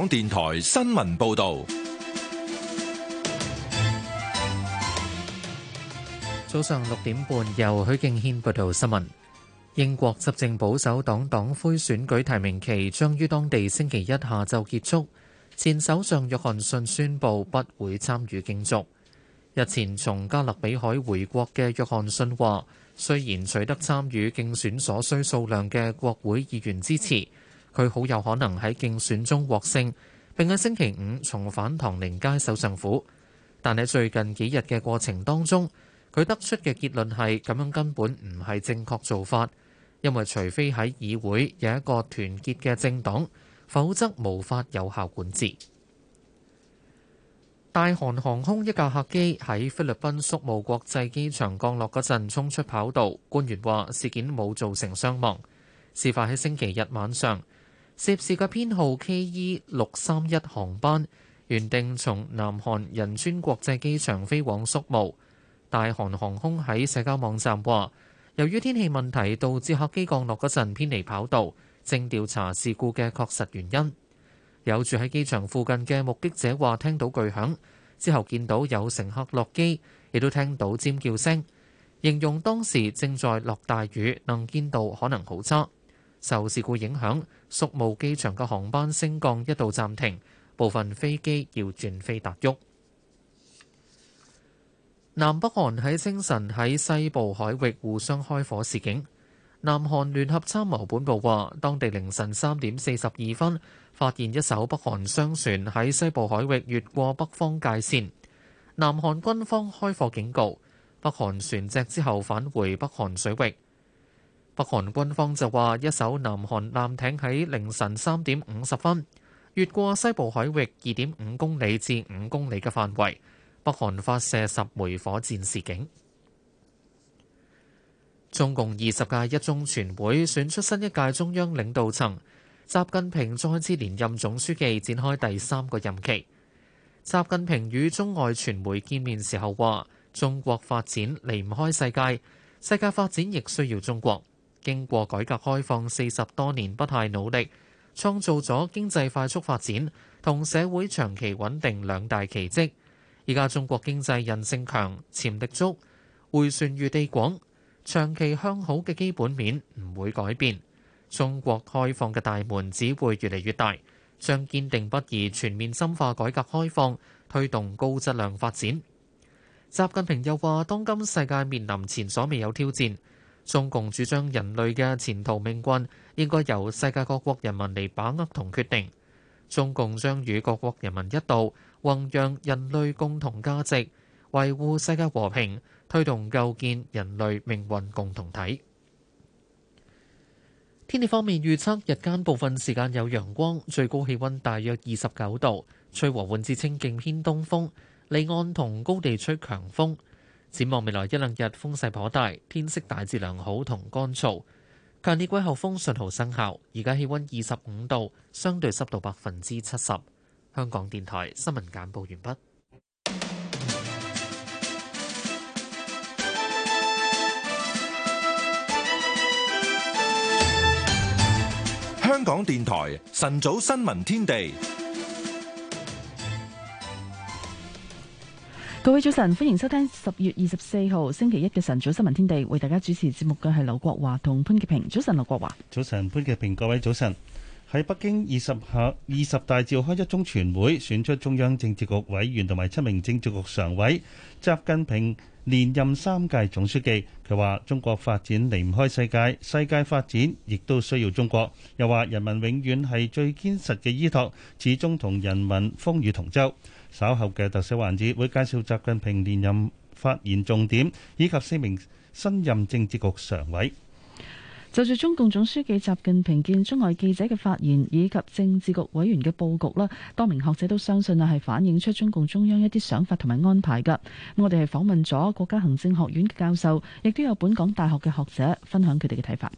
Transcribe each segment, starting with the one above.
港電台新聞報道，早上六點半，由許敬軒報道新聞。英國執政保守黨黨魁選舉提名期將於當地星期一下晝結束。前首相約翰遜宣布不會參與競逐。日前從加勒比海回國嘅約翰遜話，雖然取得參與競選所需數量嘅國會議員支持。佢好有可能喺競選中獲勝，並喺星期五重返唐寧街首相府。但喺最近幾日嘅過程當中，佢得出嘅結論係咁樣，根本唔係正確做法，因為除非喺議會有一個團結嘅政黨，否則無法有效管治。大韓航空一架客機喺菲律賓宿務國際機場降落嗰陣衝出跑道，官員話事件冇造成傷亡。事發喺星期日晚上。涉事嘅編號 KE 六三一航班原定從南韓仁川國際機場飛往宿霧。大韓航空喺社交網站話，由於天氣問題導致客機降落嗰陣偏離跑道，正調查事故嘅確實原因。有住喺機場附近嘅目擊者話聽到巨響之後見到有乘客落機，亦都聽到尖叫聲，形容當時正在落大雨，能見度可能好差。受事故影響。宿霧機場嘅航班升降一度暫停，部分飛機要轉飛達沃。南北韓喺清晨喺西部海域互相開火示警。南韓聯合參謀本部話，當地凌晨三點四十二分發現一艘北韓商船喺西部海域越過北方界線，南韓軍方開火警告，北韓船隻之後返回北韓水域。北韓軍方就話，一艘南韓艦艇喺凌晨三點五十分越過西部海域二點五公里至五公里嘅範圍，北韓發射十枚火箭示警。中共二十屆一中全會選出新一屆中央領導層，習近平再次連任總書記，展開第三個任期。習近平與中外傳媒見面時候話：中國發展離唔開世界，世界發展亦需要中國。經過改革開放四十多年不懈努力，創造咗經濟快速發展同社會長期穩定兩大奇蹟。而家中國經濟韌性強、潛力足、回旋餘地廣，長期向好嘅基本面唔會改變。中國開放嘅大門只會越嚟越大，將堅定不移全面深化改革開放，推動高質量發展。習近平又話：當今世界面臨前所未有挑戰。中共主張人類嘅前途命運應該由世界各國人民嚟把握同決定。中共將與各國人民一道弘揚人類共同價值，維護世界和平，推動構建人類命運共同體。天氣方面預測，日間部分時間有陽光，最高氣温大約二十九度，吹和緩至清勁偏東風，離岸同高地吹強風。展望未來一兩日風勢頗大，天色大致良好同乾燥。強烈季候風訊號生效，而家氣温二十五度，相對濕度百分之七十。香港電台新聞簡報完畢。香港電台晨早新聞天地。各位早晨，歡迎收聽十月二十四號星期一嘅晨早新聞天地。為大家主持節目嘅係劉國華同潘潔平。早晨，劉國華。早晨，潘潔平。各位早晨。喺北京二十下二十大召開一中全會，選出中央政治局委員同埋七名政治局常委。習近平連任三屆總書記。佢話：中國發展離唔開世界，世界發展亦都需要中國。又話人民永遠係最堅實嘅依託，始終同人民風雨同舟。稍後嘅特色環節會介紹習近平連任發言重點，以及四名新任政治局常委。就住中共總書記習近平見中外記者嘅發言，以及政治局委員嘅佈局啦，多名學者都相信啊，係反映出中共中央一啲想法同埋安排嘅。我哋係訪問咗國家行政學院嘅教授，亦都有本港大學嘅學者分享佢哋嘅睇法。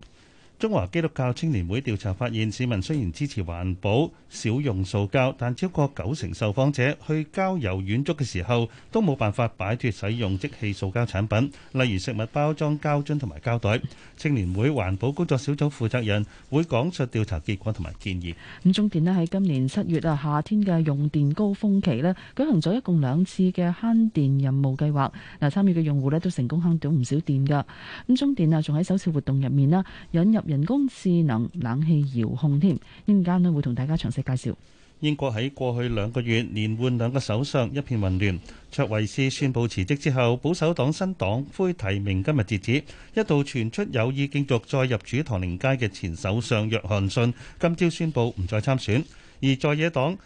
中華基督教青年會調查發現，市民雖然支持環保少用塑膠，但超過九成受訪者去郊遊遠足嘅時候，都冇辦法擺脫使用即棄塑膠產品，例如食物包裝膠樽同埋膠袋。青年會環保工作小組負責人會講述調查結果同埋建議。咁中電呢喺今年七月啊夏天嘅用電高峰期呢，舉行咗一共兩次嘅慳電任務計劃。嗱，參與嘅用戶呢都成功慳到唔少電噶。咁中電啊，仲喺首次活動入面呢，引入人工智能冷氣遙控添，一陣間呢會同大家詳細介紹。英國喺過去兩個月連換兩個首相，一片混亂。卓維斯宣佈辭職之後，保守黨新黨魁提名今日截止，一度傳出有意競逐再入主唐寧街嘅前首相約翰遜，今朝宣佈唔再參選。而在野黨，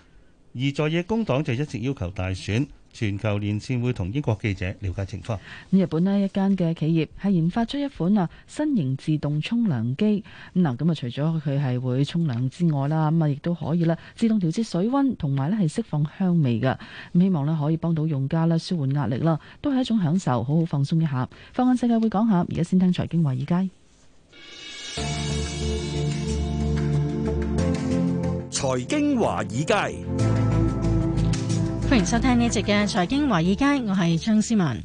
而在野工黨就一直要求大選。全球連線會同英國記者了解情況。日本咧一間嘅企業係研發出一款啊新型自動沖涼機。咁啊除咗佢係會沖涼之外啦，咁啊亦都可以啦，自動調節水溫同埋咧係釋放香味嘅。咁希望咧可以幫到用家啦舒緩壓力啦，都係一種享受，好好放鬆一下。放眼世界會講下，而家先聽財經華爾街。財經華爾街。歡迎收聽呢集嘅財經華爾街，我係張思文。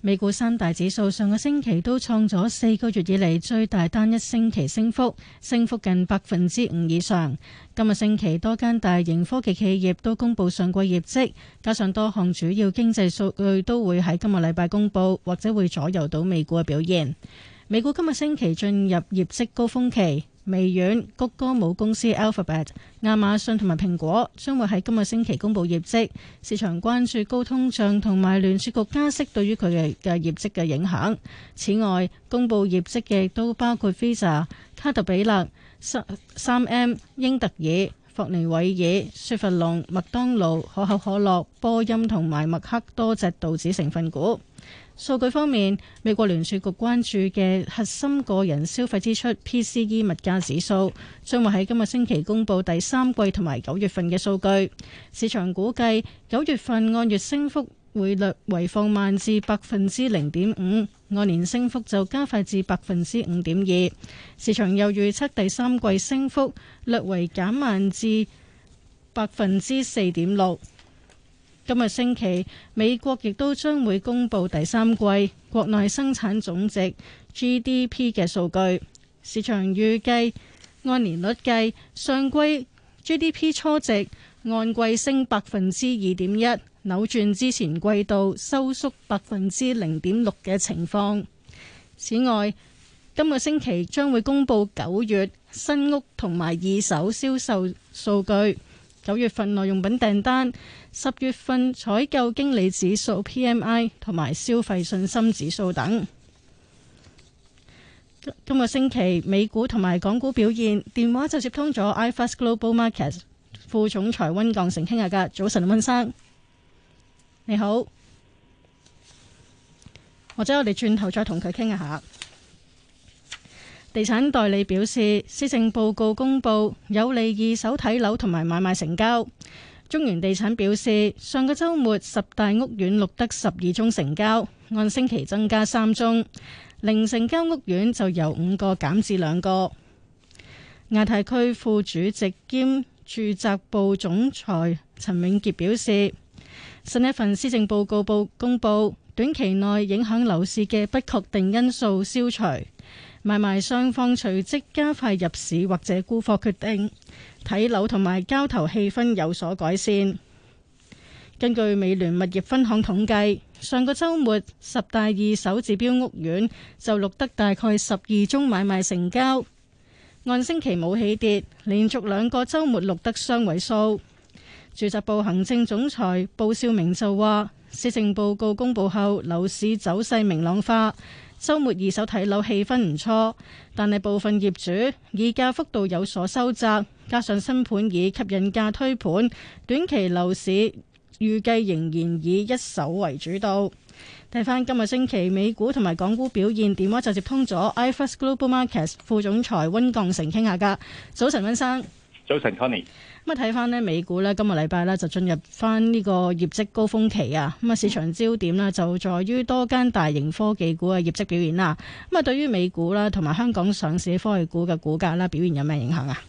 美股三大指數上個星期都創咗四個月以嚟最大單一星期升幅，升幅近百分之五以上。今個星期多間大型科技企業都公布上季業績，加上多項主要經濟數據都會喺今個禮拜公布，或者會左右到美股嘅表現。美股今個星期進入業績高峰期。微軟、谷歌母公司 Alphabet、亞馬遜同埋蘋果將會喺今日星期公布業績，市場關注高通脹同埋聯儲局加息對於佢嘅嘅業績嘅影響。此外，公布業績嘅都包括 v i s a 卡特比勒、三 M、英特爾、霍尼韋爾、雪佛龍、麥當勞、可口可樂、波音同埋麥克多隻道子成分股。數據方面，美國聯儲局關注嘅核心個人消費支出 PCE 物價指數，將會喺今個星期公布第三季同埋九月份嘅數據。市場估計九月份按月升幅會略為放慢至百分之零點五，按年升幅就加快至百分之五點二。市場又預測第三季升幅略為減慢至百分之四點六。今日星期，美國亦都將會公布第三季國內生產總值 GDP 嘅數據。市場預計按年率計，上季 GDP 初值按季升百分之二點一，扭轉之前季度收縮百分之零點六嘅情況。此外，今個星期將會公布九月新屋同埋二手銷售數據，九月份耐用品訂單。十月份採購經理指數 PMI 同埋消費信心指數等。今個星期美股同埋港股表現，電話就接通咗 iFast Global Markets 副總裁温鋼城傾下㗎。早晨，温生，你好。或者我哋轉頭再同佢傾一下。地產代理表示，施政報告公布有利二手睇樓同埋買賣成交。中原地產表示，上個周末十大屋苑錄得十二宗成交，按星期增加三宗，零成交屋苑就由五個減至兩個。亞太區副主席兼住宅部總裁陳永傑表示，新一份施政報告報公布，短期內影響樓市嘅不確定因素消除。買賣雙方隨即加快入市或者沽貨決定，睇樓同埋交投氣氛有所改善。根據美聯物業分行統計，上個周末十大二手指標屋苑就錄得大概十二宗買賣成交，按星期冇起跌，連續兩個周末錄得雙位數。住宅部行政總裁布少明就話，施政報告公布後，樓市走勢明朗化。周末二手睇樓氣氛唔錯，但係部分業主議價幅度有所收窄，加上新盤以吸引價推盤，短期樓市預計仍然以一手為主導。睇翻今日星期美股同埋港股表現，電話就接通咗 iFAST Global Markets 副總裁溫降成傾下噶。早晨，溫生。早晨 Connie。咁啊，睇返呢美股呢，今個禮拜呢就進入返呢個業績高峰期啊！咁啊，市場焦點呢就在於多間大型科技股嘅業績表現啦。咁啊，對於美股啦同埋香港上市科技股嘅股價啦表現有咩影響啊？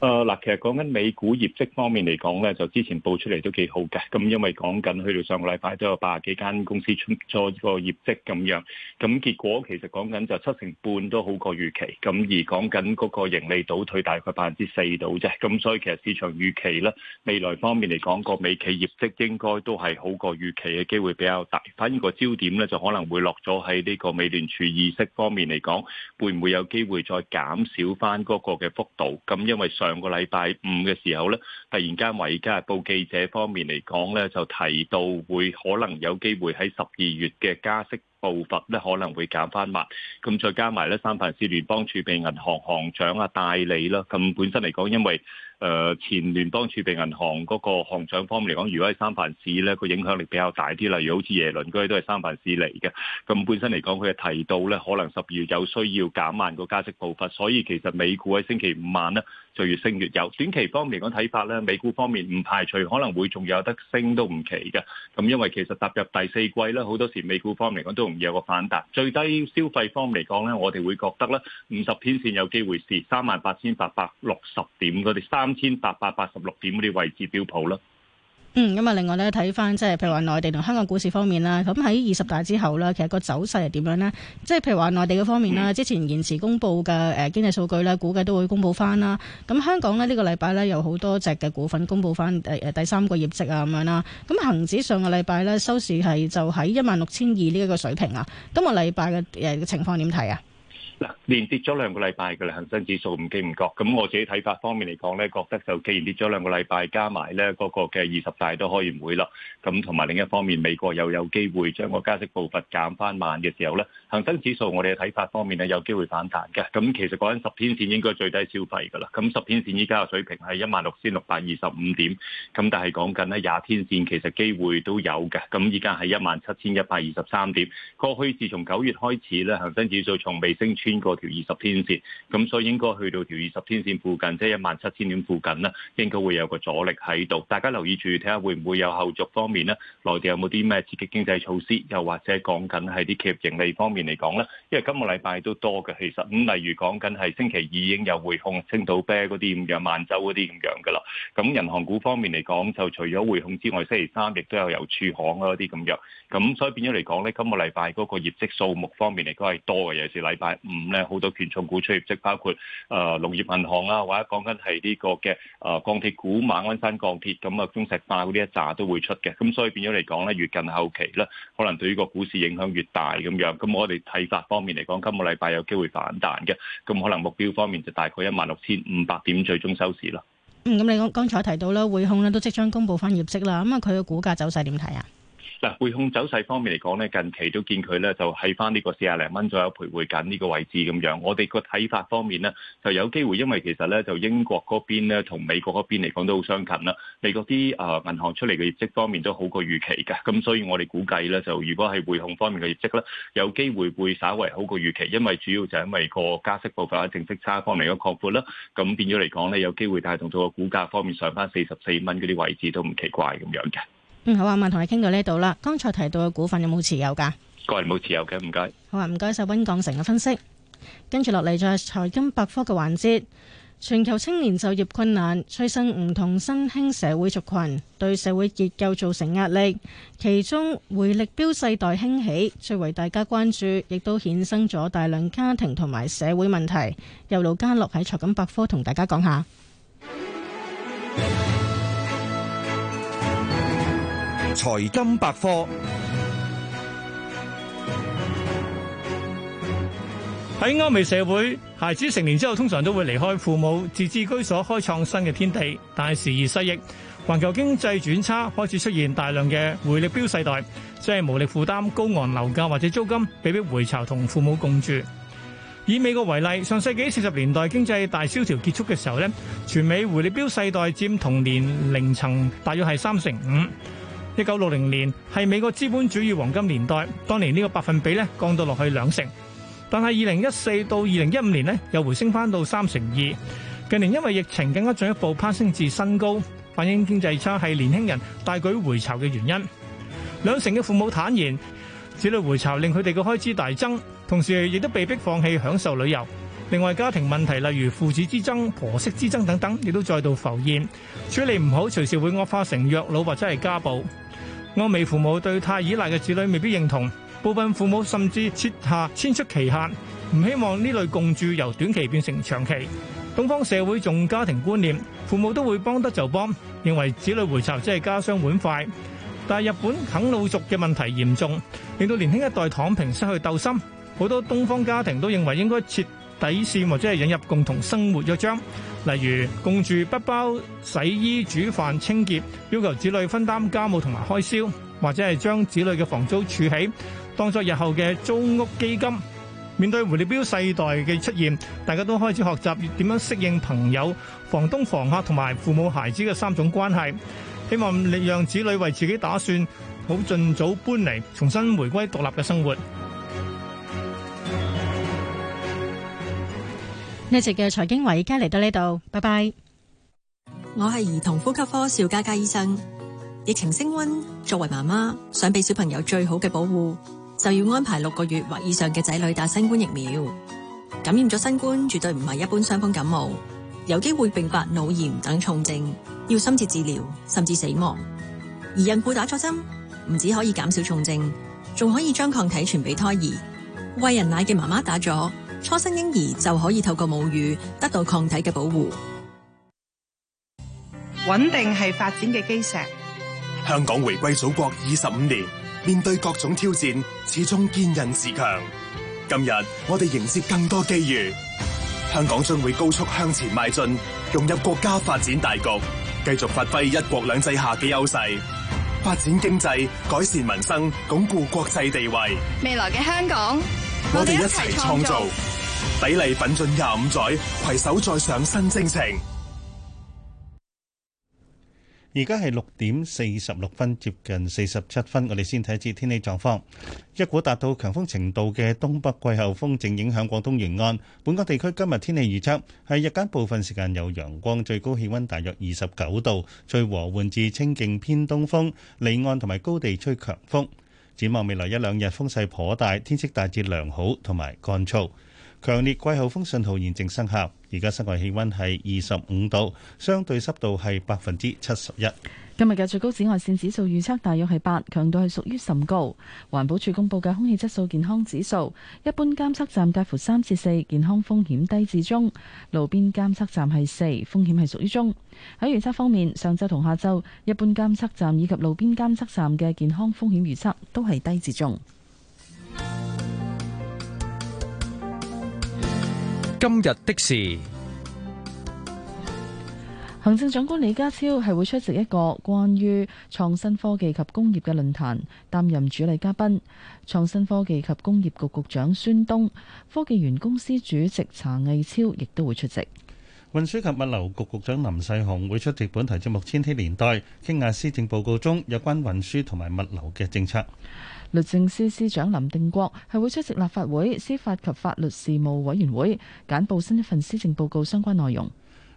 誒，嗱、嗯，其實講緊美股業績方面嚟講咧，就之前報出嚟都幾好嘅。咁因為講緊去到上個禮拜都有八十幾間公司出咗個業績咁樣，咁結果其實講緊就七成半都好過預期。咁而講緊嗰個盈利倒退大概百分之四度啫。咁所以其實市場預期咧，未來方面嚟講個美企業績應該都係好過預期嘅機會比較大。反而個焦點咧就可能會落咗喺呢個美聯儲議息方面嚟講，會唔會有機會再減少翻嗰個嘅幅度？咁因為上上個禮拜五嘅時候咧，突然間為《華爾街日報》記者方面嚟講咧，就提到會可能有機會喺十二月嘅加息步伐咧，可能會減翻慢。咁、嗯、再加埋咧，三藩市聯邦儲備銀行行長啊戴利啦，咁、嗯、本身嚟講，因為誒、呃、前聯邦儲備銀行嗰個行長方面嚟講，如果喺三藩市咧，佢影響力比較大啲。例如好似耶倫居都係三藩市嚟嘅，咁、嗯、本身嚟講，佢係提到咧，可能十二月有需要減慢個加息步伐。所以其實美股喺星期五晚咧，就越升越有，短期方面嚟講睇法咧，美股方面唔排除可能會仲有得升都唔奇嘅，咁因為其實踏入第四季咧，好多時美股方面嚟講都容易有個反彈。最低消費方面嚟講咧，我哋會覺得咧，五十天線有機會試三萬八千八百六十點嗰啲，三千八百八十六點嗰啲位置標普啦。嗯，咁啊，另外咧睇翻即係譬如話，內地同香港股市方面啦，咁喺二十大之後呢，其實個走勢係點樣呢？即係譬如話內地嘅方面啦，嗯、之前延遲公布嘅誒經濟數據咧，估計都會公布翻啦。咁、嗯、香港呢，呢、這個禮拜呢，有好多隻嘅股份公布翻第三個業績啊咁樣啦。咁恒指上個禮拜呢，收市係就喺一萬六千二呢一個水平啊。今日禮拜嘅誒情況點睇啊？嗱，連跌咗兩個禮拜嘅恒生指數，唔經唔覺。咁我自己睇法方面嚟講咧，覺得就既然跌咗兩個禮拜，加埋咧嗰個嘅二十大都可以唔會咯。咁同埋另一方面，美國又有機會將個加息步伐減返慢嘅時候咧，恒生指數我哋嘅睇法方面咧有機會反彈嘅。咁其實講緊十天線應該最低消費㗎啦。咁十天線依家嘅水平係一萬六千六百二十五點。咁但係講緊咧廿天線，其實機會都有嘅。咁依家係一萬七千一百二十三點。過去自從九月開始咧，恒生指數從未升穿邊個條二十天線？咁所以應該去到條二十天線附近，即係一萬七千點附近啦，應該會有個阻力喺度。大家留意住，睇下會唔會有後續方面咧？內地有冇啲咩刺激經濟措施？又或者講緊係啲企業盈利方面嚟講呢？因為今個禮拜都多嘅，其實咁例如講緊係星期二已經有匯控、青島啤嗰啲咁樣，萬洲嗰啲咁樣噶啦。咁銀行股方面嚟講，就除咗匯控之外，星期三亦都有郵儲行啊嗰啲咁樣。咁所以變咗嚟講咧，今個禮拜嗰個業績數目方面嚟講係多嘅，尤其是禮拜五咧，好多權重股出業績，包括誒、呃、農業銀行啊，或者講緊係呢個嘅誒鋼鐵股馬鞍山鋼鐵，咁啊中石化嗰啲一紮都會出嘅。咁所以變咗嚟講咧，越近後期咧，可能對於個股市影響越大咁樣。咁我哋睇法方面嚟講，今個禮拜有機會反彈嘅。咁可能目標方面就大概一萬六千五百點最終收市咯。嗯，咁你剛剛才提到啦，匯控咧都即將公布返業績啦。咁啊，佢嘅股價走勢點睇啊？嗱，匯控走勢方面嚟講咧，近期都見佢咧就喺翻呢個四十零蚊左右徘徊緊呢個位置咁樣。我哋個睇法方面咧，就有機會，因為其實咧就英國嗰邊咧同美國嗰邊嚟講都好相近啦。美國啲啊銀行出嚟嘅業績方面都好過預期嘅，咁所以我哋估計咧就如果係匯控方面嘅業績咧，有機會會稍為好過預期，因為主要就係因為個加息步伐淨息差方面嚟嘅擴闊啦。咁變咗嚟講咧，有機會帶動到個股價方面上翻四十四蚊嗰啲位置都唔奇怪咁樣嘅。嗯，好啊，文同你傾到呢度啦。剛才提到嘅股份有冇持有噶？個人冇持有嘅，唔該。好啊，唔該晒溫港城嘅分析。跟住落嚟就係財金百科嘅環節，全球青年就業困難，催生唔同新興社會族群，對社會結構造成壓力。其中回力標世代興起，最為大家關注，亦都衍生咗大量家庭同埋社會問題。由盧家樂喺財金百科同大家講下。財金百科。喺歐美社會，孩子成年之後通常都會離開父母自置居所，開創新嘅天地。但係時而失憶，環球經濟轉差，開始出現大量嘅回力標世代，即係無力負擔高昂樓價或者租金，被迫回巢同父母共住。以美國為例，上世紀四十年代經濟大蕭條結束嘅時候呢，全美回力標世代佔同年齡層大約係三成五。一九六零年係美國資本主義黃金年代，當年呢個百分比呢降到落去兩成，但係二零一四到二零一五年呢又回升返到三成二。近年因為疫情更加進一步攀升至新高，反映經濟差係年輕人大舉回巢嘅原因。兩成嘅父母坦言，子女回巢令佢哋嘅開支大增，同時亦都被迫放棄享受旅遊。另外家庭問題，例如父子之爭、婆媳之爭等等，亦都再度浮現，處理唔好隨時會惡化成虐老或者係家暴。歐美父母對太依賴嘅子女未必認同，部分父母甚至設下遷出期限，唔希望呢類共住由短期變成長期。東方社會重家庭觀念，父母都會幫得就幫，認為子女回巢即係加雙碗筷。但係日本啃老族嘅問題嚴重，令到年輕一代躺平失去鬥心，好多東方家庭都認為應該設底線或者係引入共同生活約章。例如共住不包洗衣、煮飯、清潔，要求子女分擔家務同埋開銷，或者係將子女嘅房租儲起，當作日後嘅租屋基金。面對回力標世代嘅出現，大家都開始學習點樣適應朋友、房東、房客同埋父母、孩子嘅三種關係。希望令讓子女為自己打算，好盡早搬離，重新回歸獨立嘅生活。呢集嘅財經委家嚟到呢度，拜拜。我係兒童呼吸科邵嘉嘉醫生。疫情升温，作為媽媽，想俾小朋友最好嘅保護，就要安排六個月或以上嘅仔女打新冠疫苗。感染咗新冠，絕對唔係一般傷風感冒，有機會併發腦炎等重症，要深切治療，甚至死亡。而孕婦打咗針，唔止可以減少重症，仲可以將抗體傳俾胎兒。喂人奶嘅媽媽打咗。初生嬰兒就可以透過母乳得到抗體嘅保護。穩定係發展嘅基石。香港回歸祖國二十五年，面對各種挑戰，始終堅韌自強。今日我哋迎接更多機遇，香港將會高速向前邁進，融入國家發展大局，繼續發揮一國兩制下嘅優勢，發展經濟，改善民生，鞏固國際地位。未來嘅香港。我哋一齊創造，砥礪奮進廿五載，携手再上新征程。而家係六點四十六分，接近四十七分，我哋先睇一次天氣狀況。一股達到強風程度嘅東北季候風正影響廣東沿岸。本港地區今日天氣預測係日間部分時間有陽光，最高氣溫大約二十九度，吹和緩至清勁偏東風，離岸同埋高地吹強風。展望未來一兩日，風勢頗大，天色大致良好，同埋乾燥。強烈季候風信號現正生效，而家室外氣温係二十五度，相對濕度係百分之七十一。今日嘅最高紫外線指數預測大約係八，強度係屬於甚高。環保署公布嘅空氣質素健康指數，一般監測站介乎三至四，健康風險低至中；路邊監測站係四，風險係屬於中。喺預測方面，上周同下周，一般監測站以及路邊監測站嘅健康風險預測都係低至中。今日的事，行政長官李家超係會出席一個關於創新科技及工業嘅論壇，擔任主禮嘉賓。創新科技及工業局局局長孫東、科技園公司主席查毅超亦都會出席。運輸及物流局局長林世雄會出席本台節目《千禧年代》，傾下施政報告中有關運輸同埋物流嘅政策。律政司司長林定國係會出席立法會司法及法律事務委員會，簡報新一份施政報告相關內容。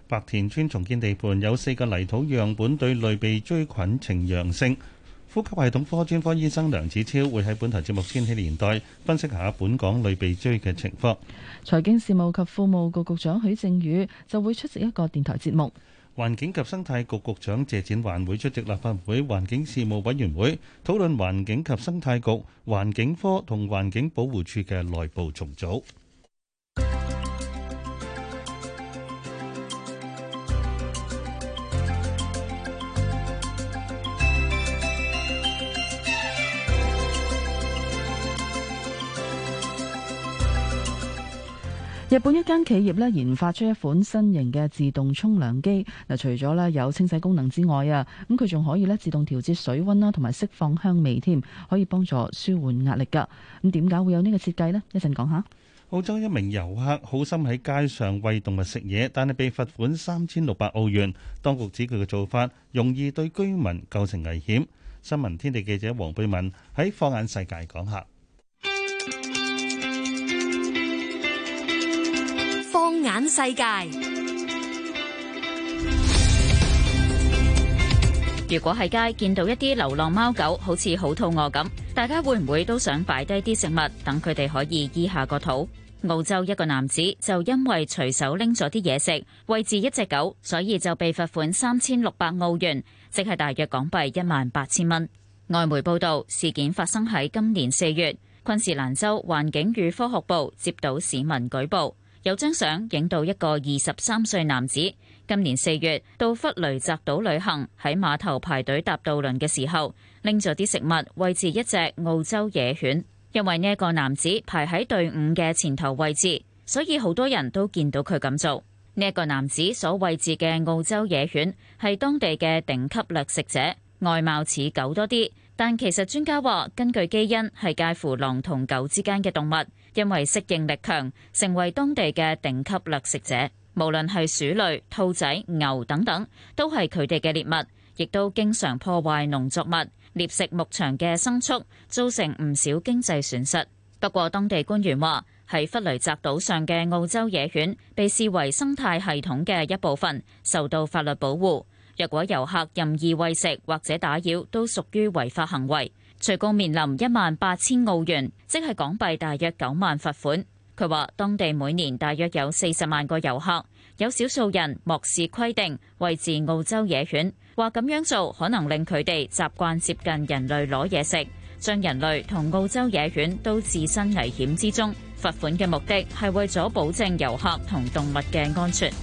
白田村重建地盤有四個泥土樣本對類鼻疽菌呈陽性。呼吸系統科專科醫生梁子超，會喺本台節目《千禧年代》分析下本港類鼻疽嘅情況。財經事務及庫務局局長許正宇就會出席一個電台節目。環境及生態局局長謝展寰會出席立法會環境事務委員會，討論環境及生態局環境科同環境保護署嘅內部重組。日本一間企業咧研發出一款新型嘅自動沖涼機，嗱，除咗咧有清洗功能之外啊，咁佢仲可以咧自動調節水溫啦，同埋釋放香味，添可以幫助舒緩壓力噶。咁點解會有呢個設計呢？講一陣講下。澳洲一名遊客好心喺街上餵動物食嘢，但係被罰款三千六百澳元。當局指佢嘅做法容易對居民構成危險。新聞天地記者黃貝文喺放眼世界講下。眼世界。如果喺街見到一啲流浪貓狗，好似好肚餓咁，大家會唔會都想擺低啲食物，等佢哋可以醫下個肚？澳洲一個男子就因為隨手拎咗啲嘢食，餵住一隻狗，所以就被罰款三千六百澳元，即係大約港幣一萬八千蚊。外媒報道，事件發生喺今年四月，昆士蘭州環境與科學部接到市民舉報。有張相影到一個二十三歲男子，今年四月到弗雷澤島旅行，喺碼頭排隊搭渡輪嘅時候，拎咗啲食物餵飼一隻澳洲野犬。因為呢一個男子排喺隊伍嘅前頭位置，所以好多人都見到佢咁做。呢、這、一個男子所餵飼嘅澳洲野犬係當地嘅頂級掠食者，外貌似狗多啲，但其實專家話，根據基因係介乎狼同狗之間嘅動物。因為適應力強，成為當地嘅頂級掠食者。無論係鼠類、兔仔、牛等等，都係佢哋嘅獵物，亦都經常破壞農作物、獵食牧場嘅牲畜，造成唔少經濟損失。不過，當地官員話，喺弗雷澤島上嘅澳洲野犬被視為生態系統嘅一部分，受到法律保護。若果遊客任意餵食或者打擾，都屬於違法行為。最高面臨一萬八千澳元，即係港幣大約九萬罰款。佢話當地每年大約有四十萬個遊客，有少數人漠視規定，餵飼澳洲野犬，話咁樣做可能令佢哋習慣接近人類攞嘢食，將人類同澳洲野犬都置身危險之中。罰款嘅目的係為咗保證遊客同動物嘅安全。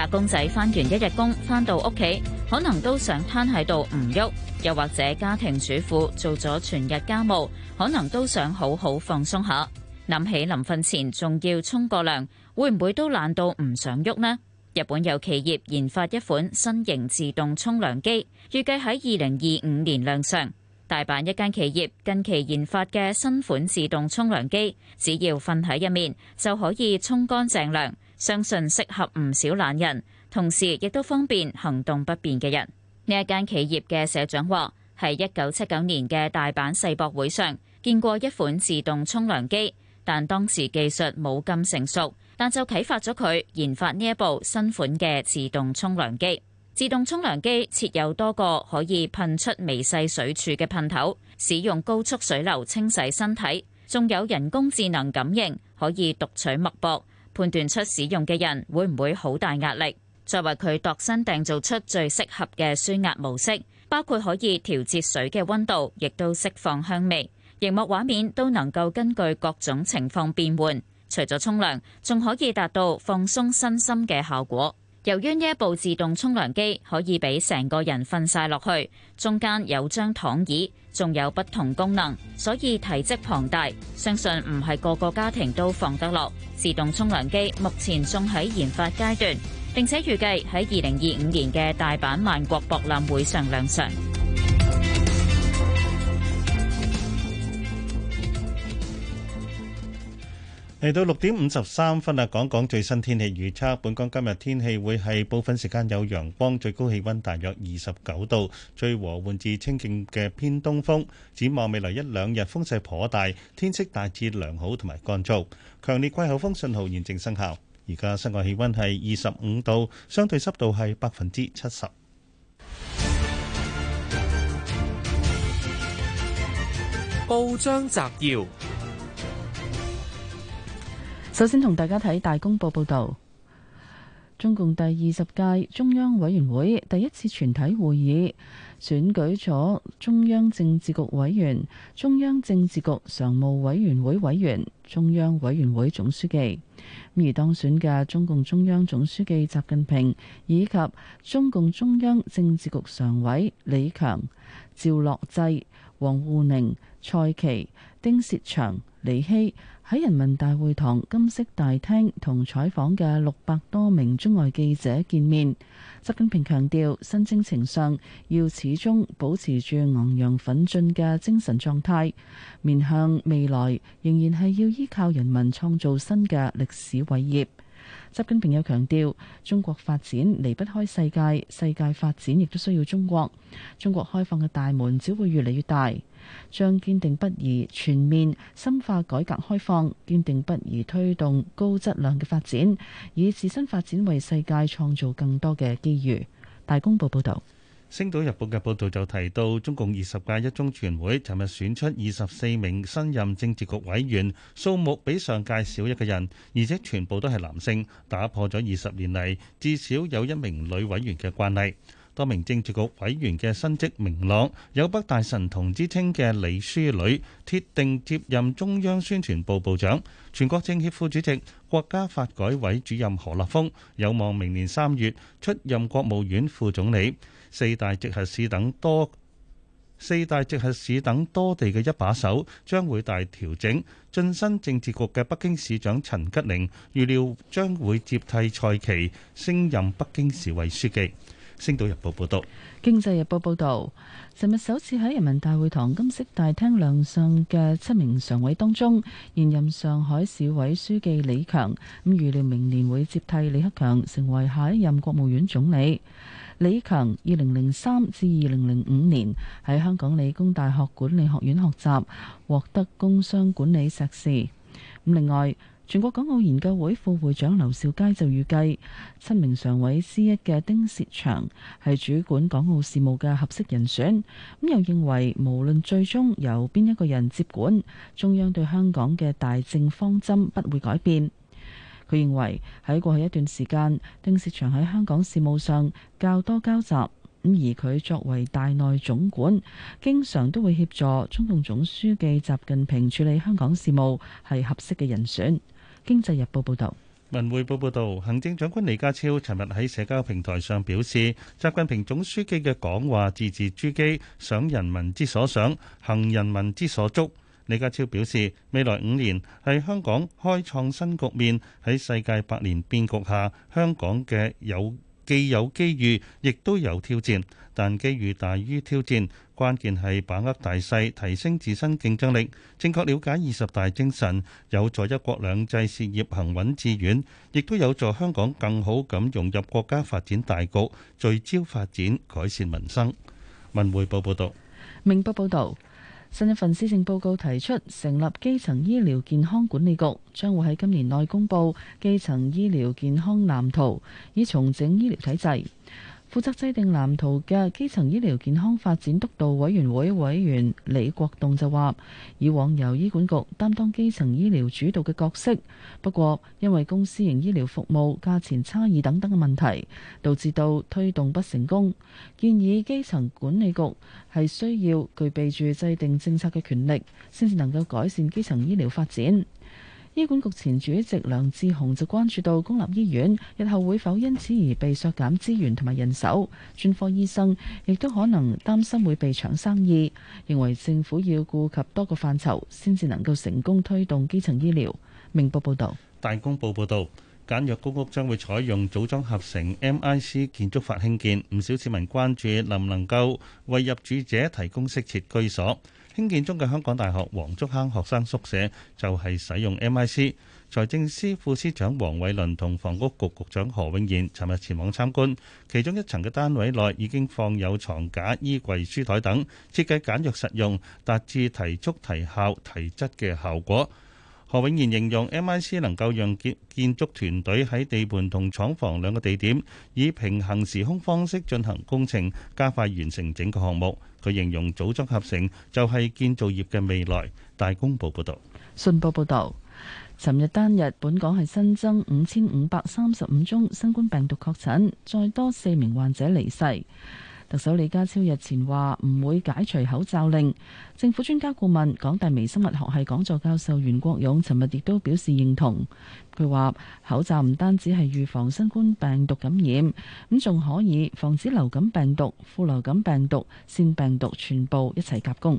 打工仔返完一日工，翻到屋企可能都想攤喺度唔喐，又或者家庭主婦做咗全日家務，可能都想好好放鬆下。諗起臨瞓前仲要沖個涼，會唔會都懶到唔想喐呢？日本有企業研發一款新型自動沖涼機，預計喺二零二五年亮相。大阪一間企業近期研發嘅新款自動沖涼機，只要瞓喺入面就可以沖乾淨涼。相信適合唔少懶人，同時亦都方便行動不便嘅人。呢一間企業嘅社長話，喺一九七九年嘅大阪世博會上見過一款自動沖涼機，但當時技術冇咁成熟，但就啟發咗佢研發呢一部新款嘅自動沖涼機。自動沖涼機設有多個可以噴出微細水柱嘅噴頭，使用高速水流清洗身體，仲有人工智能感應，可以讀取脈搏。判斷出使用嘅人會唔會好大壓力，再為佢度身訂造出最適合嘅舒壓模式，包括可以調節水嘅溫度，亦都釋放香味。熒幕畫面都能夠根據各種情況變換。除咗沖涼，仲可以達到放鬆身心嘅效果。由於呢一部自動沖涼機可以俾成個人瞓晒落去，中間有張躺椅。仲有不同功能，所以體積龐大，相信唔係個個家庭都放得落。自動沖涼機目前仲喺研發階段，並且預計喺二零二五年嘅大阪萬國博覽會上亮相。嚟到六點五十三分啊，講講最新天氣預測。本港今日天，天氣會係部分時間有陽光，最高氣温大約二十九度，最和緩至清勁嘅偏東風。展望未來一兩日風勢頗大，天色大致良好同埋乾燥。強烈季候風信號現正生效。而家室外氣温係二十五度，相對濕度係百分之七十。報章摘要。首先同大家睇大公報報道，中共第二十屆中央委員會第一次全體會議選舉咗中央政治局委員、中央政治局常務委員會委員、中央委員會總書記。而當選嘅中共中央總書記習近平，以及中共中央政治局常委李強、趙樂際、王滬寧、蔡奇、丁薛祥、李希。喺人民大會堂金色大廳同採訪嘅六百多名中外記者見面，習近平強調，新征程上要始終保持住昂揚奮進嘅精神狀態，面向未來，仍然係要依靠人民創造新嘅歷史偉業。習近平又強調，中國發展離不開世界，世界發展亦都需要中國。中國開放嘅大門只會越嚟越大，將堅定不移全面深化改革開放，堅定不移推動高質量嘅發展，以自身發展為世界創造更多嘅機遇。大公報報導。《星島日報》嘅報道就提到，中共二十屆一中全會尋日選出二十四名新任政治局委員，數目比上屆少一個人，而且全部都係男性，打破咗二十年嚟至少有一名女委員嘅慣例。多名政治局委員嘅新職明朗，有北大神童之稱嘅李書磊鐵定接任中央宣傳部部長，全國政協副主席、國家發改委主任何立峰有望明年三月出任國務院副總理。四大直轄市等多四大直轄市等多地嘅一把手將會大調整，晉身政治局嘅北京市長陳吉寧預料將會接替蔡奇，升任北京市委書記。星島日報報道，經濟日報報道，昨日首次喺人民大會堂金色大廳亮相嘅七名常委當中，現任上海市委書記李強，咁預料明年會接替李克強，成為下一任國務院總理。李強，二零零三至二零零五年喺香港理工大學管理學院學習，獲得工商管理碩士。咁另外。全國港澳研究會副會長劉兆佳就預計，七名常委之一嘅丁薛祥係主管港澳事務嘅合適人選。咁又認為，無論最終由邊一個人接管，中央對香港嘅大政方針不會改變。佢認為喺過去一段時間，丁薛祥喺香港事務上較多交集。咁而佢作為大內總管，經常都會協助中共總書記習近平處理香港事務，係合適嘅人選。經濟日報報道。文匯報報道，行政長官李家超尋日喺社交平台上表示，習近平總書記嘅講話字字珠璣，想人民之所想，行人民之所囑。李家超表示，未來五年係香港開創新局面，喺世界百年變局下，香港嘅有既有機遇，亦都有挑戰，但機遇大於挑戰。關鍵係把握大勢，提升自身競爭力；正確了解二十大精神，有助一國兩制事業行穩致遠，亦都有助香港更好咁融入國家發展大局，聚焦發展，改善民生。文匯報報道：「明報報道」新一份施政報告提出成立基層醫療健康管理局，將會喺今年內公布基層醫療健康藍圖，以重整醫療體制。負責制定藍圖嘅基層醫療健康發展督導委員會委員李國棟就話，以往由醫管局擔當基層醫療主導嘅角色，不過因為公私營醫療服務價錢差異等等嘅問題，導致到推動不成功。建議基層管理局係需要具備住制定政策嘅權力，先至能夠改善基層醫療發展。醫管局前主席梁志雄就關注到公立醫院日後會否因此而被削減資源同埋人手，專科醫生亦都可能擔心會被搶生意，認為政府要顧及多個範疇，先至能夠成功推動基層醫療。明報報道，大公報報道，簡約公屋將會採用組裝合成 MIC 建築法興建，唔少市民關注能唔能夠為入住者提供適切居所。興建中嘅香港大學黃竹坑學生宿舍就係使用 MIC。財政司副司長黃偉倫同房屋局局長何永賢尋日前往參觀，其中一層嘅單位內已經放有床架、衣櫃、書枱等，設計簡約實用，達至提速提效提質嘅效果。何永賢形容 M I C 能夠讓建建築團隊喺地盤同廠房兩個地點以平行時空方式進行工程，加快完成整個項目。佢形容組裝合成就係建造業嘅未來。大公報報道，信報報道，尋日單日本港係新增五千五百三十五宗新冠病毒確診，再多四名患者離世。特首李家超日前話唔會解除口罩令，政府專家顧問、港大微生物學系講座教授袁國勇尋日亦都表示認同。佢話口罩唔單止係預防新冠病毒感染，咁仲可以防止流感病毒、副流感病毒、腺病毒全部一齊夾攻。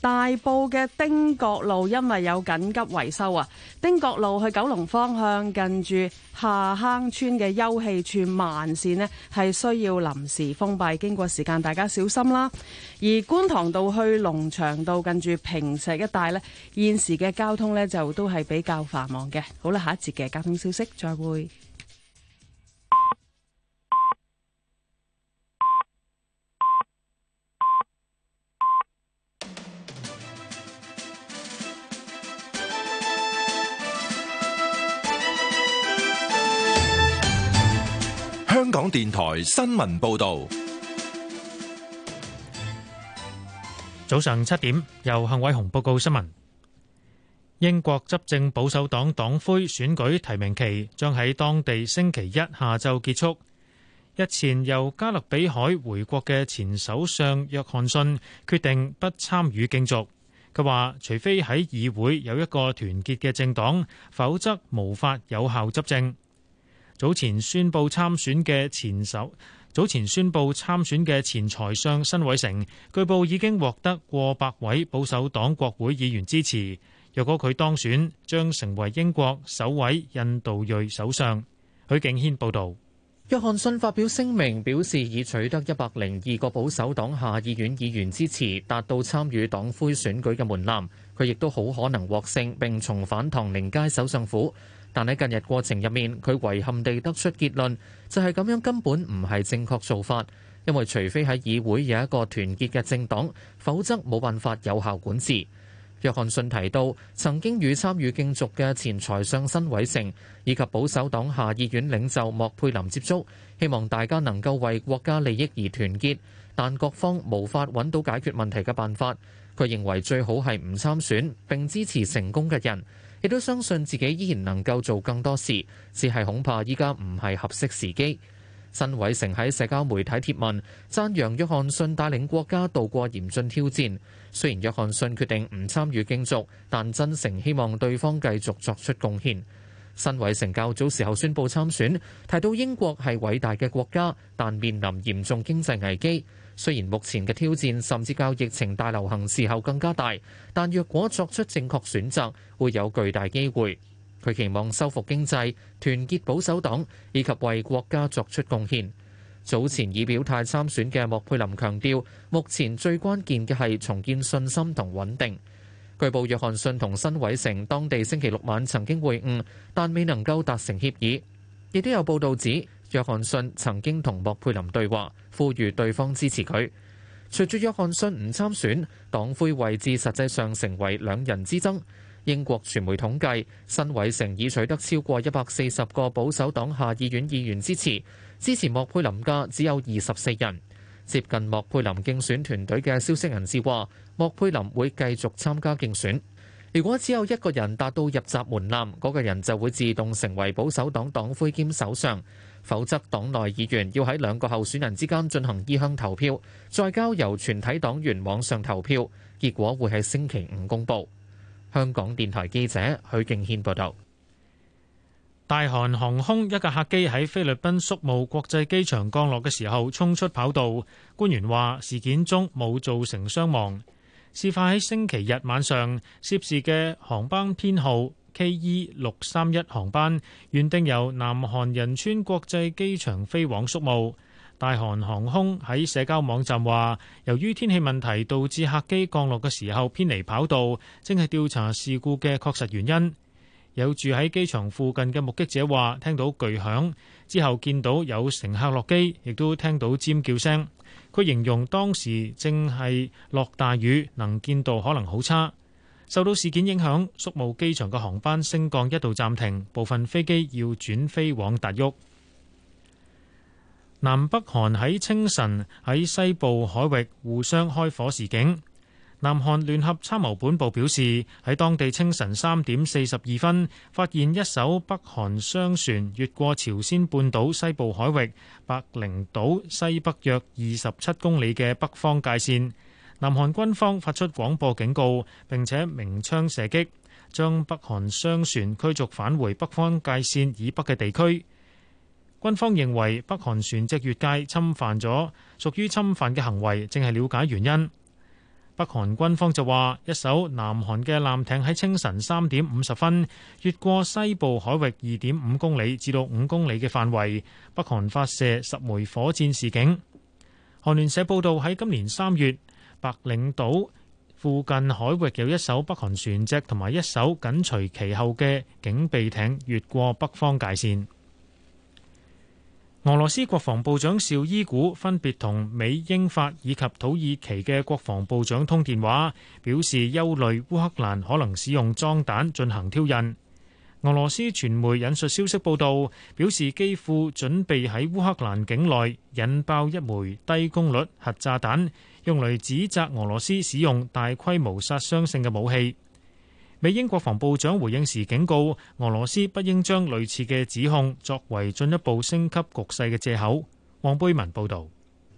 大埔嘅丁角路因為有緊急維修啊，丁角路去九龍方向近住下坑村嘅休憩處慢線呢，係需要臨時封閉，經過時間大家小心啦。而觀塘道去龍翔道近住坪石一帶呢，現時嘅交通呢，就都係比較繁忙嘅。好啦，下一節嘅交通消息，再會。香港電台新聞報道，早上七點，由幸偉雄報告新聞。英國執政保守黨黨魁選舉提名期將喺當地星期一下晝結束。日前由加勒比海回國嘅前首相約翰遜決定不參與競逐。佢話：除非喺議會有一個團結嘅政黨，否則無法有效執政。早前宣布參選嘅前首，早前宣布參選嘅前財相辛偉誠，據報已經獲得過百位保守黨國會議員支持。若果佢當選，將成為英國首位印度裔首相。許敬軒報導。約翰遜發表聲明表示，已取得一百零二個保守黨下議院議員支持，達到參與黨魁選舉嘅門檻。佢亦都好可能獲勝並重返唐寧街首相府。但喺近日過程入面，佢遺憾地得出結論，就係、是、咁樣根本唔係正確做法，因為除非喺議會有一個團結嘅政黨，否則冇辦法有效管治。約翰遜提到，曾經與參與競逐嘅前財相新偉成以及保守黨下議院領袖莫佩林接觸，希望大家能夠為國家利益而團結，但各方無法揾到解決問題嘅辦法。佢認為最好係唔參選並支持成功嘅人。亦都相信自己依然能夠做更多事，只係恐怕依家唔係合適時機。新偉成喺社交媒體貼文讚揚約翰遜帶領國家度過嚴峻挑戰，雖然約翰遜決定唔參與競逐，但真誠希望對方繼續作出貢獻。新偉成較早時候宣布參選，提到英國係偉大嘅國家，但面臨嚴重經濟危機。雖然目前嘅挑戰甚至較疫情大流行時候更加大，但若果作出正確選擇，會有巨大機會。佢期望收復經濟、團結保守黨以及為國家作出貢獻。早前已表態參選嘅莫佩林強調，目前最關鍵嘅係重建信心同穩定。據報約翰遜同辛偉誠當地星期六晚曾經會晤，但未能夠達成協議。亦都有報導指，約翰遜曾經同莫佩林對話，呼籲對方支持佢。隨住約翰遜唔參選，黨魁位置實際上成為兩人之爭。英國傳媒統計，新偉成已取得超過一百四十個保守黨下議院議員支持，支持莫佩林嘅只有二十四人。接近莫佩林競選團隊嘅消息人士話，莫佩林會繼續參加競選。如果只有一個人達到入閘門檻，嗰個人就會自動成為保守黨黨魁兼首相。否則，黨內議員要喺兩個候選人之間進行意向投票，再交由全體黨員網上投票，結果會喺星期五公佈。香港電台記者許敬軒報道。大韓航空一架客機喺菲律賓宿務國際機場降落嘅時候衝出跑道，官員話事件中冇造成傷亡。事發喺星期日晚上，涉事嘅航班編號。K-E 六三一航班，原定由南韓仁川國際機場飛往宿務，大韓航空喺社交網站話，由於天氣問題導致客機降落嘅時候偏離跑道，正係調查事故嘅確實原因。有住喺機場附近嘅目擊者話，聽到巨響之後見到有乘客落機，亦都聽到尖叫聲。佢形容當時正係落大雨，能見度可能好差。受到事件影響，宿霧機場嘅航班升降一度暫停，部分飛機要轉飛往達沃。南北韓喺清晨喺西部海域互相開火示警。南韓聯合參謀本部表示，喺當地清晨三點四十二分，發現一艘北韓商船越過朝鮮半島西部海域白翎島西北約二十七公里嘅北方界線。南韓軍方發出廣播警告，並且鳴槍射擊，將北韓商船驅逐返回北方界線以北嘅地區。軍方認為北韓船隻越界，侵犯咗屬於侵犯嘅行為，正係了解原因。北韓軍方就話，一艘南韓嘅艦艇喺清晨三點五十分越過西部海域二點五公里至到五公里嘅範圍，北韓發射十枚火箭示警。韓聯社報道喺今年三月。白翎島附近海域有一艘北韓船隻，同埋一艘緊隨其後嘅警備艇越過北方界線。俄羅斯國防部長邵伊古分別同美、英、法以及土耳其嘅國防部長通電話，表示憂慮烏克蘭可能使用髒彈進行挑釁。俄羅斯傳媒引述消息報道，表示基輔準備喺烏克蘭境內引爆一枚低功率核炸彈。用嚟指責俄羅斯使用大規模殺傷性嘅武器。美英國防部長回應時警告，俄羅斯不應將類似嘅指控作為進一步升級局勢嘅藉口。黃貝文報道。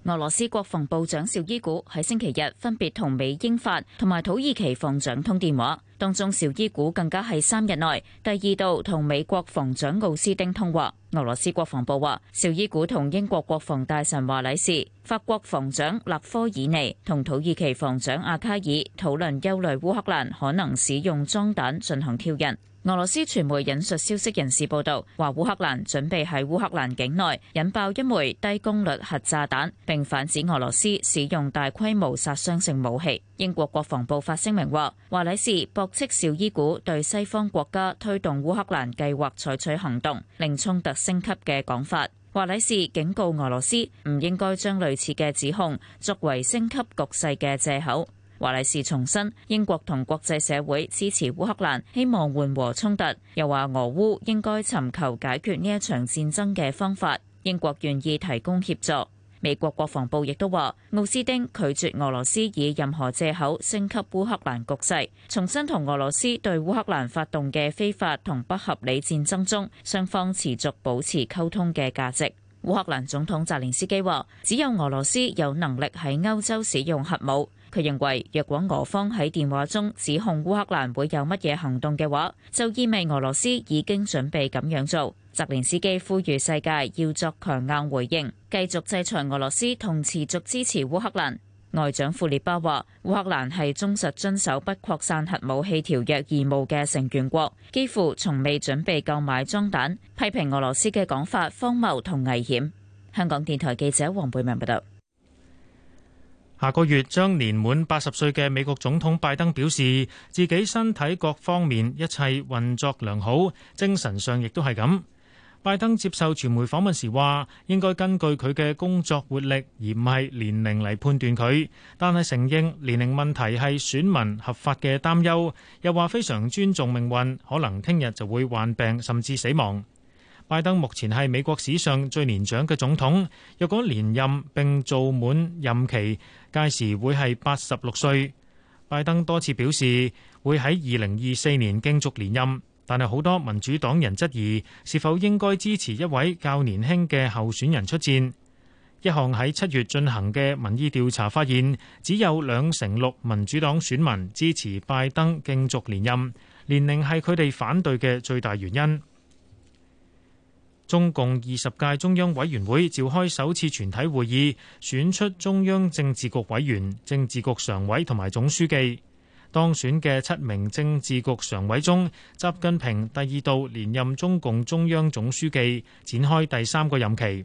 俄羅斯國防部長紹伊古喺星期日分別同美、英、法同埋土耳其防長通電話，當中紹伊古更加係三日內第二度同美國防長奧斯丁通話。俄羅斯國防部話，紹伊古同英國國防大臣華禮士、法國防長勒科爾尼同土耳其防長阿卡爾討論憂慮烏克蘭可能使用裝彈進行挑釁。俄羅斯傳媒引述消息人士報道，話烏克蘭準備喺烏克蘭境內引爆一枚低功率核炸彈，並反指俄羅斯使用大規模殺傷性武器。英國國防部發聲明話，華禮士駁斥紹伊古對西方國家推動烏克蘭計劃採取行動令衝突升級嘅講法。華禮士警告俄羅斯唔應該將類似嘅指控作為升級局勢嘅藉口。華麗是重申，英國同國際社會支持烏克蘭，希望緩和衝突。又話俄烏應該尋求解決呢一場戰爭嘅方法，英國願意提供協助。美國國防部亦都話，奧斯丁拒絕俄羅斯以任何借口升級烏克蘭局勢，重新同俄羅斯對烏克蘭發動嘅非法同不合理戰爭中，雙方持續保持溝通嘅價值。烏克蘭總統澤連斯基話，只有俄羅斯有能力喺歐洲使用核武。佢認為，若果俄方喺電話中指控烏克蘭會有乜嘢行動嘅話，就意味俄羅斯已經準備咁樣做。澤連斯基呼籲世界要作強硬回應，繼續制裁俄羅斯同持續支持烏克蘭。外長庫列巴話：烏克蘭係忠實遵守不擴散核武器條約義務嘅成員國，幾乎從未準備購買裝彈。批評俄羅斯嘅講法荒謬同危險。香港電台記者黃貝文報道。下個月將年滿八十歲嘅美國總統拜登表示，自己身體各方面一切運作良好，精神上亦都係咁。拜登接受傳媒訪問時話，應該根據佢嘅工作活力而唔係年齡嚟判斷佢，但係承認年齡問題係選民合法嘅擔憂。又話非常尊重命運，可能聽日就會患病甚至死亡。拜登目前係美國史上最年長嘅總統，若果連任並做滿任期，屆時會係八十六歲。拜登多次表示會喺二零二四年競逐連任，但係好多民主黨人質疑是否應該支持一位較年輕嘅候選人出戰。一項喺七月進行嘅民意調查發現，只有兩成六民主黨選民支持拜登競逐連任，年齡係佢哋反對嘅最大原因。中共二十屆中央委員會召開首次全體會議，選出中央政治局委員、政治局常委同埋總書記。當選嘅七名政治局常委中，習近平第二度連任中共中央總書記，展開第三個任期。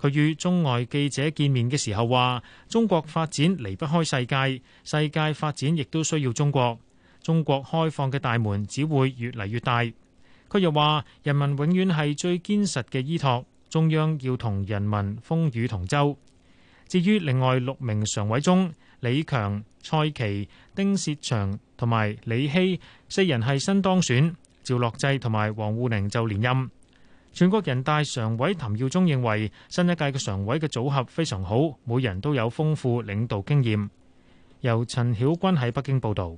佢與中外記者見面嘅時候話：中國發展離不開世界，世界發展亦都需要中國。中國開放嘅大門只會越嚟越大。佢又話：人民永遠係最堅實嘅依託，中央要同人民風雨同舟。至於另外六名常委中，李強、蔡奇、丁薛祥同埋李希四人係新當選，趙樂際同埋王滬寧就連任。全國人大常委譚耀宗認為，新一屆嘅常委嘅組合非常好，每人都有豐富領導經驗。由陳曉君喺北京報導。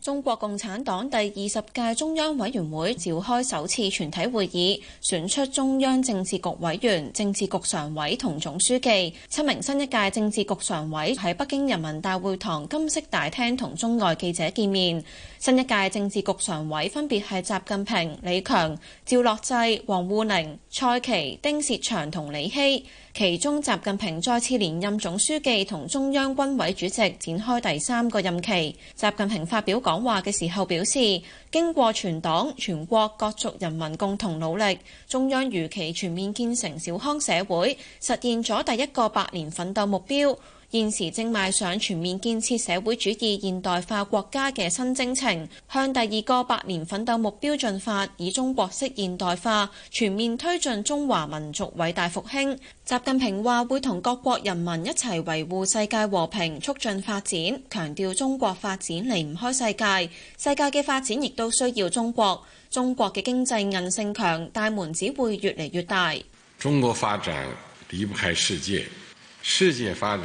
中國共產黨第二十屆中央委員會召開首次全體會議，選出中央政治局委員、政治局常委同總書記。七名新一屆政治局常委喺北京人民大會堂金色大廳同中外記者見面。新一屆政治局常委分別係習近平、李強、趙樂際、王滬寧、蔡奇、丁薛祥同李希，其中習近平再次連任總書記同中央軍委主席，展開第三個任期。習近平發表講話嘅時候表示，經過全黨全國各族人民共同努力，中央如期全面建成小康社會，實現咗第一個百年奮鬥目標。現時正邁上全面建設社會主義現代化國家嘅新征程，向第二個百年奮鬥目標進發，以中國式現代化全面推進中華民族偉大復興。習近平話：會同各國人民一齊維護世界和平，促進發展，強調中國發展離唔開世界，世界嘅發展亦都需要中國。中國嘅經濟韌性強，大門只會越嚟越大。中國發展離不開世界，世界發展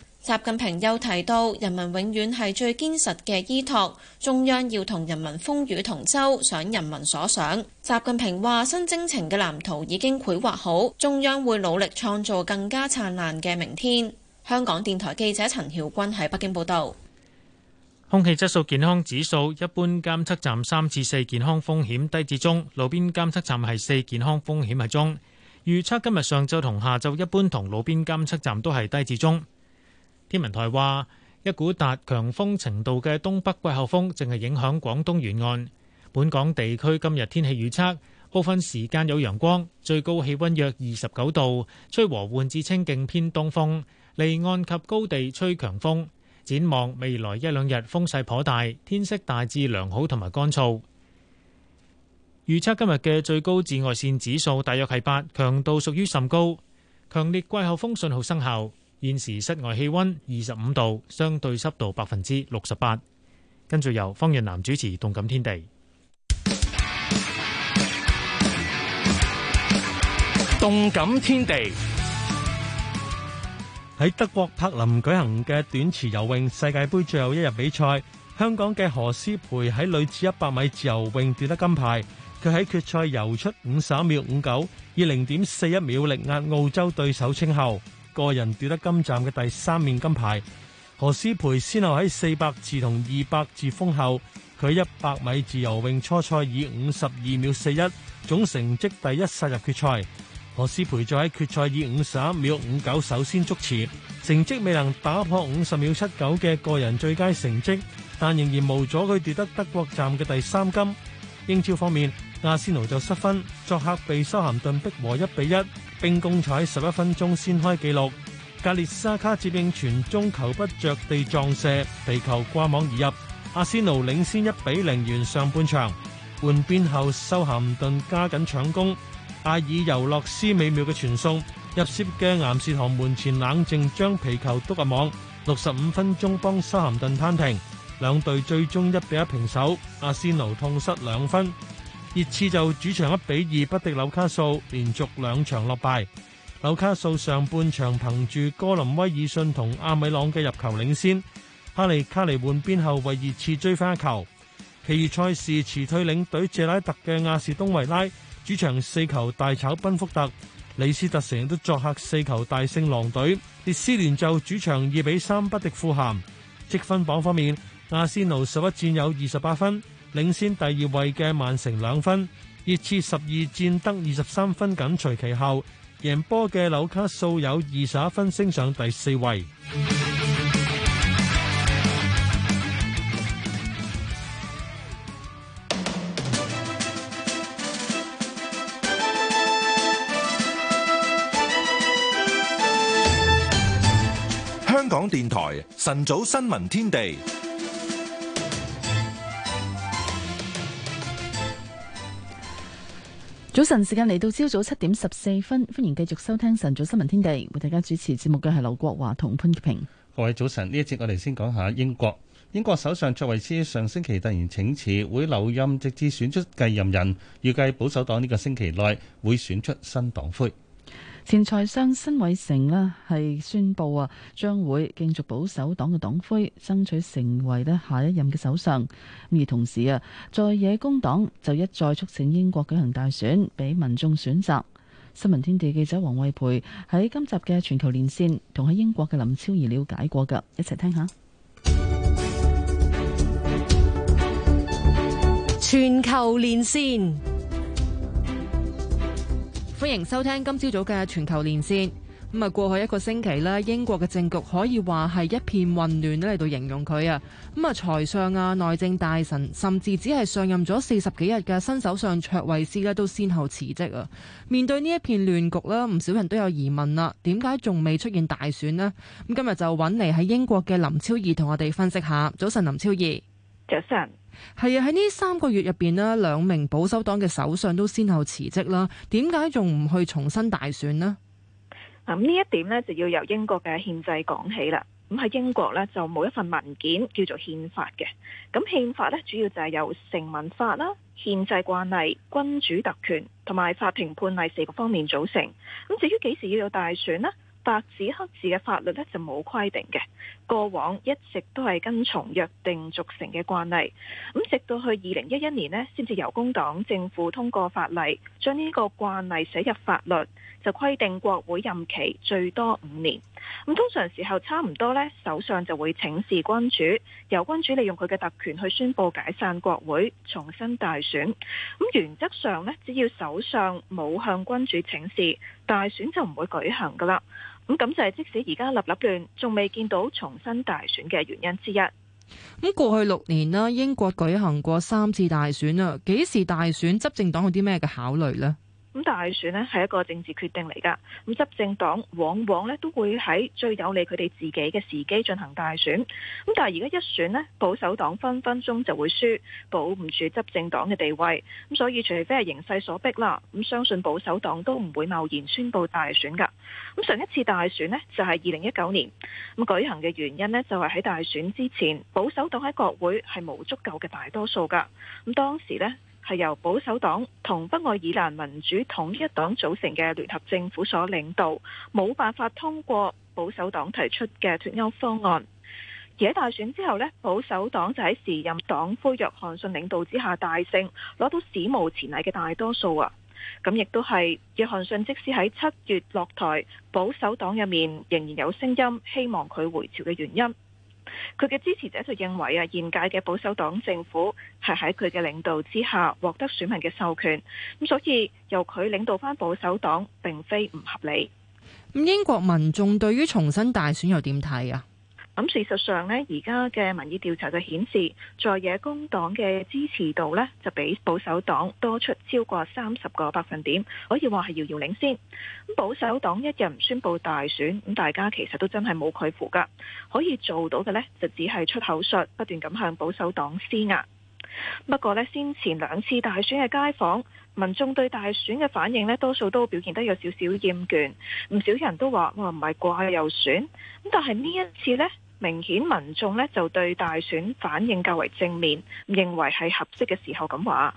習近平又提到，人民永遠係最堅實嘅依託，中央要同人民風雨同舟，想人民所想。習近平話：新征程嘅藍圖已經繪畫好，中央會努力創造更加燦爛嘅明天。香港電台記者陳曉君喺北京報道。空氣質素健康指數一般監測站三至四健康風險低至中，路邊監測站係四健康風險係中。預測今日上晝同下晝一般同路邊監測站都係低至中。天文台話，一股達強風程度嘅東北季候風正係影響廣東沿岸本港地區。今日天氣預測，部分時間有陽光，最高氣温約二十九度，吹和緩至清勁偏東風，離岸及高地吹強風。展望未來一兩日風勢頗大，天色大致良好同埋乾燥。預測今日嘅最高紫外線指數大約係八，強度屬於甚高，強烈季候風信號生效。現時室外氣溫二十五度，相對濕度百分之六十八。跟住由方潤南主持《動感天地》。《動感天地》喺德國柏林舉行嘅短池游泳世界盃最後一日比賽，香港嘅何詩蓓喺女子一百米自由泳奪得金牌。佢喺決賽游出五十一秒五九，以零點四一秒力壓澳洲對手稱后。個人奪得金站嘅第三面金牌，何詩蓓先後喺四百字同二百字封后，佢一百米自由泳初賽以五十二秒四一總成績第一殺入決賽，何詩蓓就喺決賽以五十一秒五九首先觸池，成績未能打破五十秒七九嘅個人最佳成績，但仍然無阻佢奪得德國站嘅第三金。英超方面。阿仙奴就失分，作客被修咸頓逼和一比一。兵工廠十一分鐘先開記錄，格列沙卡接應傳中球不着地撞射，皮球掛網而入。阿仙奴領先一比零完上半場。換邊後，修咸頓加緊搶攻，阿爾尤洛斯美妙嘅傳送入攝嘅岩士堂門前冷靜將皮球督入網。六十五分鐘幫修咸頓攤平，兩隊最終一比一平手。阿仙奴痛失兩分。熱刺就主場一比二不敵紐卡素，連續兩場落敗。紐卡素上半場憑住哥林威爾遜同阿米朗嘅入球領先，哈利卡尼換邊後為熱刺追翻一球。其餘賽事辭退領隊謝拉特嘅亞士東維拉主場四球大炒賓福特，李斯特城都作客四球大勝狼隊。列斯聯就主場二比三不敵富咸。積分榜方面，阿仙奴十一戰有二十八分。領先第二位嘅曼城兩分，熱刺十二戰得二十三分緊隨其後，贏波嘅紐卡素有二十一分升上第四位。香港電台晨早新聞天地。早晨時間嚟到朝早七點十四分，歡迎繼續收聽晨早新聞天地，為大家主持節目嘅係劉國華同潘潔平。各位早晨，呢一節我哋先講下英國，英國首相卓慧思上星期突然請辭，會留任直至選出繼任人，預計保守黨呢個星期內會選出新黨魁。前財相辛偉誠咧係宣布啊，將會競逐保守黨嘅黨魁，爭取成為咧下一任嘅首相。而同時啊，在野工黨就一再促請英國舉行大選，俾民眾選擇。新聞天地記者黃慧培，喺今集嘅全，全球連線，同喺英國嘅林超怡了解過噶，一齊聽下。全球連線。歡迎收聽今朝早嘅全球連線。咁啊，過去一個星期咧，英國嘅政局可以話係一片混亂咧嚟，到形容佢啊。咁啊，財相啊、內政大臣，甚至只係上任咗四十幾日嘅新首相卓慧思咧，都先後辭職啊。面對呢一片亂局咧，唔少人都有疑問啦，點解仲未出現大選呢？咁今日就揾嚟喺英國嘅林超儀同我哋分析下。早晨，林超儀。早晨。係啊，喺呢三個月入邊啦，兩名保守黨嘅首相都先後辭職啦。點解仲唔去重新大選呢？咁呢一點呢，就要由英國嘅憲制講起啦。咁喺英國呢，就冇一份文件叫做憲法嘅。咁憲法呢，主要就係由成文法啦、憲制慣例、君主特權同埋法庭判例四個方面組成。咁至於幾時要有大選呢？白紙黑字嘅法律呢，就冇規定嘅，過往一直都係跟從約定俗成嘅慣例，咁直到去二零一一年呢，先至由工黨政府通過法例，將呢個慣例寫入法律，就規定國會任期最多五年。咁通常時候差唔多呢，首相就會請示君主，由君主利用佢嘅特權去宣佈解散國會，重新大選。咁原則上呢，只要首相冇向君主請示，大選就唔會舉行㗎喇。咁、嗯、就係即使而家立立亂，仲未見到重新大選嘅原因之一。咁過去六年啦，英國舉行過三次大選啊，幾時大選執政黨有啲咩嘅考慮呢？咁大選呢係一個政治決定嚟噶，咁執政黨往往呢都會喺最有利佢哋自己嘅時機進行大選。咁但係而家一選呢，保守黨分分鐘就會輸，保唔住執政黨嘅地位。咁所以除非係形勢所逼啦，咁相信保守黨都唔會貿然宣布大選噶。咁上一次大選呢，就係二零一九年。咁舉行嘅原因呢，就係喺大選之前，保守黨喺國會係冇足夠嘅大多數噶。咁當時呢。係由保守黨同北愛爾蘭民主統一黨組成嘅聯合政府所領導，冇辦法通過保守黨提出嘅脫歐方案。而喺大選之後咧，保守黨就喺時任黨魁約翰遜領導之下大勝，攞到史無前例嘅大多數啊！咁亦都係約翰遜即使喺七月落台，保守黨入面仍然有聲音希望佢回朝嘅原因。佢嘅支持者就認為啊，現屆嘅保守黨政府係喺佢嘅領導之下獲得選民嘅授權，咁所以由佢領導翻保守黨，並非唔合理。英國民眾對於重新大選又點睇啊？咁事實上呢，而家嘅民意調查就顯示，在野工黨嘅支持度呢，就比保守黨多出超過三十個百分點，可以話係遙遙領先。保守黨一日唔宣布大選，咁大家其實都真係冇佢符㗎，可以做到嘅呢，就只係出口術，不斷咁向保守黨施壓。不過呢，先前兩次大選嘅街訪，民眾對大選嘅反應呢，多數都表現得有少少厭倦，唔少人都話：我唔係掛又選。咁但係呢一次呢。」明顯民眾咧就對大選反應較為正面，認為係合適嘅時候咁話。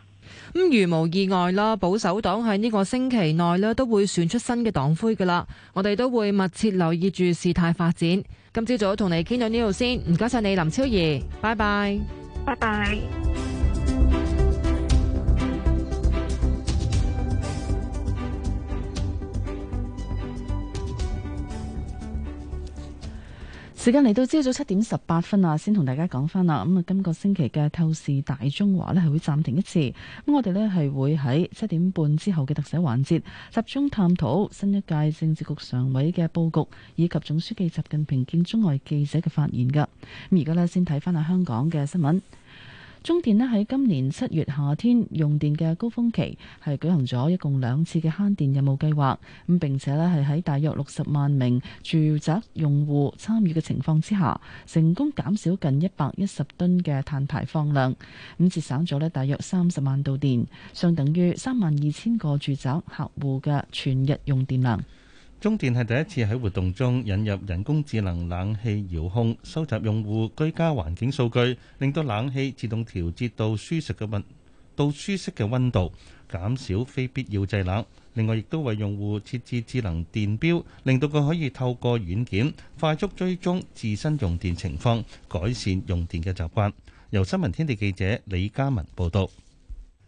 咁如無意外啦，保守黨喺呢個星期內咧都會選出新嘅黨魁噶啦。我哋都會密切留意住事態發展。今朝早同你傾到呢度先，唔該晒你，林超儀，拜拜，拜拜。時間嚟到朝早七點十八分啊，先同大家講翻啦。咁、嗯、啊，今個星期嘅透視大中華呢係會暫停一次。咁、嗯、我哋呢係會喺七點半之後嘅特寫環節，集中探討新一屆政治局常委嘅布局以及總書記習近平見中外記者嘅發言噶。咁而家呢，先睇翻下香港嘅新聞。中電呢喺今年七月夏天用電嘅高峰期，係舉行咗一共兩次嘅慳電任務計劃，咁並且呢係喺大約六十萬名住宅用戶參與嘅情況之下，成功減少近一百一十噸嘅碳排放量，咁節省咗呢大約三十萬度電，相等於三萬二千個住宅客戶嘅全日用電量。中電係第一次喺活動中引入人工智能冷氣遙控，收集用戶居家環境數據，令到冷氣自動調節到舒適嘅温到舒適嘅溫度，減少非必要製冷。另外，亦都為用戶設置智能電錶，令到佢可以透過軟件快速追蹤自身用電情況，改善用電嘅習慣。由新聞天地記者李嘉文報道。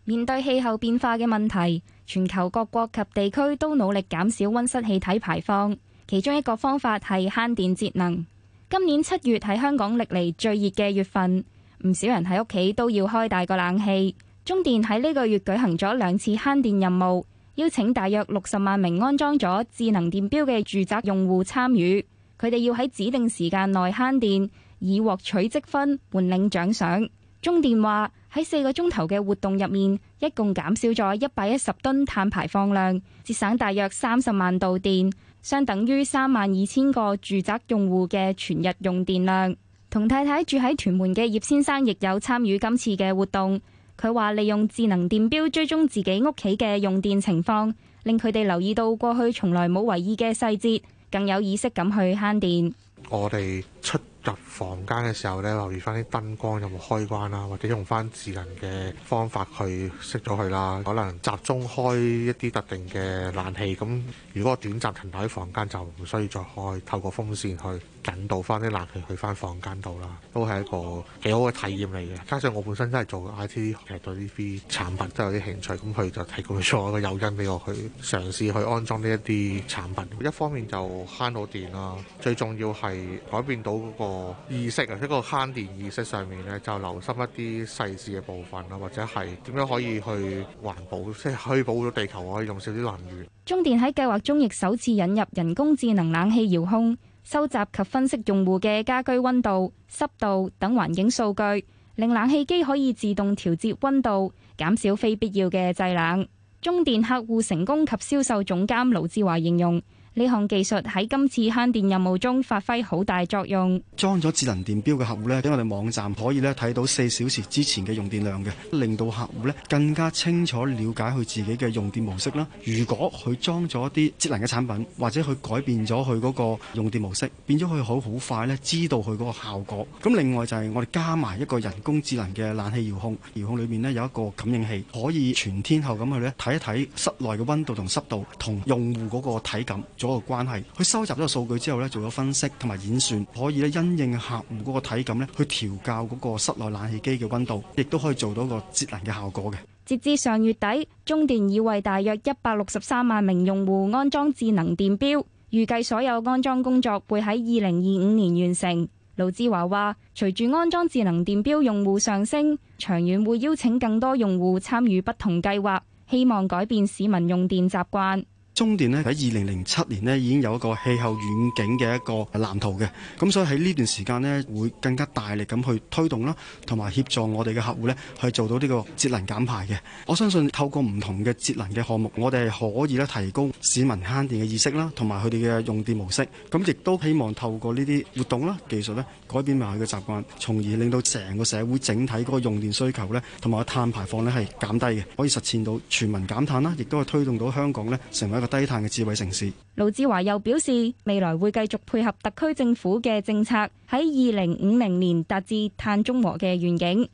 面對氣候變化嘅問題，全球各國及地區都努力減少溫室氣體排放。其中一個方法係慳電節能。今年七月係香港歷嚟最熱嘅月份，唔少人喺屋企都要開大個冷氣。中電喺呢個月舉行咗兩次慳電任務，邀請大約六十萬名安裝咗智能電表嘅住宅用戶參與。佢哋要喺指定時間內慳電，以獲取積分換領獎賞。中電話：喺四個鐘頭嘅活動入面，一共減少咗一百一十噸碳排放量，節省大約三十萬度電，相等於三萬二千個住宅用戶嘅全日用電量。同太太住喺屯門嘅葉先生亦有參與今次嘅活動，佢話利用智能電表追蹤自己屋企嘅用電情況，令佢哋留意到過去從來冇為意嘅細節，更有意識咁去慳電。我哋出入房間嘅時候呢，留意翻啲燈光有冇開關啦、啊，或者用翻智能嘅方法去熄咗佢啦。可能集中開一啲特定嘅冷氣，咁如果短暫停留喺房間就唔需要再開，透過風扇去引導翻啲冷氣去翻房間度、啊、啦，都係一個幾好嘅體驗嚟嘅。加上我本身真係做 IT，其實對呢啲產品真都有啲興趣，咁佢就提供咗個誘因俾我去嘗試去安裝呢一啲產品。一方面就慳到電啦、啊，最重要係改變到嗰、那個。意識啊，一個慳電意識上面咧，就留心一啲細節嘅部分啊，或者係點樣可以去環保，即係可以保護到地球啊，用少啲能源。中電喺計劃中亦首次引入人工智能冷氣遙控，收集及分析用戶嘅家居溫度、濕度等環境數據，令冷氣機可以自動調節溫度，減少非必要嘅製冷。中電客戶成功及銷售總監盧志華形容。呢項技術喺今次慳電任務中發揮好大作用。裝咗智能電表嘅客戶呢，喺我哋網站可以咧睇到四小時之前嘅用電量嘅，令到客戶咧更加清楚了解佢自己嘅用電模式啦。如果佢裝咗啲智能嘅產品，或者佢改變咗佢嗰個用電模式，變咗佢好好快咧知道佢嗰個效果。咁另外就係我哋加埋一個人工智能嘅冷氣遙控，遙控裏面咧有一個感應器，可以全天候咁去咧睇一睇室內嘅溫度同濕度，同用戶嗰個體感。嗰個關係，佢收集咗個數據之後，咧，做咗分析同埋演算，可以咧因應客戶個體感咧，去調校個室內冷氣機嘅溫度，亦都可以做到個節能嘅效果嘅。截至上月底，中電已為大約一百六十三萬名用戶安裝智能電表，預計所有安裝工作會喺二零二五年完成。盧志華話，隨住安裝智能電表用戶上升，長遠會邀請更多用戶參與不同計劃，希望改變市民用電習慣。中電咧喺二零零七年咧已經有一個氣候遠景嘅一個藍圖嘅，咁所以喺呢段時間咧會更加大力咁去推動啦，同埋協助我哋嘅客戶咧去做到呢個節能減排嘅。我相信透過唔同嘅節能嘅項目，我哋可以咧提高市民慳電嘅意識啦，同埋佢哋嘅用電模式。咁亦都希望透過呢啲活動啦、技術咧改變埋佢嘅習慣，從而令到成個社會整體嗰個用電需求咧同埋碳排放咧係減低嘅，可以實現到全民減碳啦，亦都係推動到香港咧成為一個。低碳嘅智慧城市。盧志華又表示，未來會繼續配合特區政府嘅政策，喺二零五零年達至碳中和嘅願景。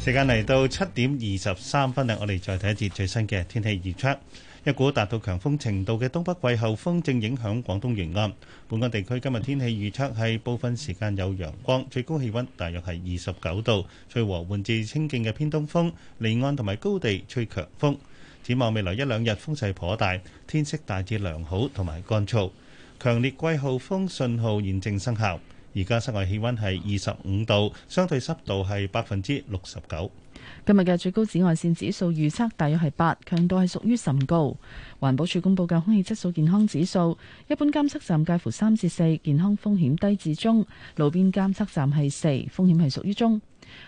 時間嚟到七點二十三分啦，我哋再睇一節最新嘅天氣預測。一股達到強風程度嘅東北季候風正影響廣東沿岸，本港地區今日天氣預測係部分時間有陽光，最高氣溫大約係29今日嘅最高紫外線指數預測大約係八，強度係屬於甚高。環保署公布嘅空氣質素健康指數，一般監測站介乎三至四，健康風險低至中；路邊監測站係四，風險係屬於中。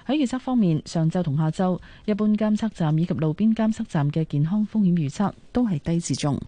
喺預測方面，上晝同下晝，一般監測站以及路邊監測站嘅健康風險預測都係低至中。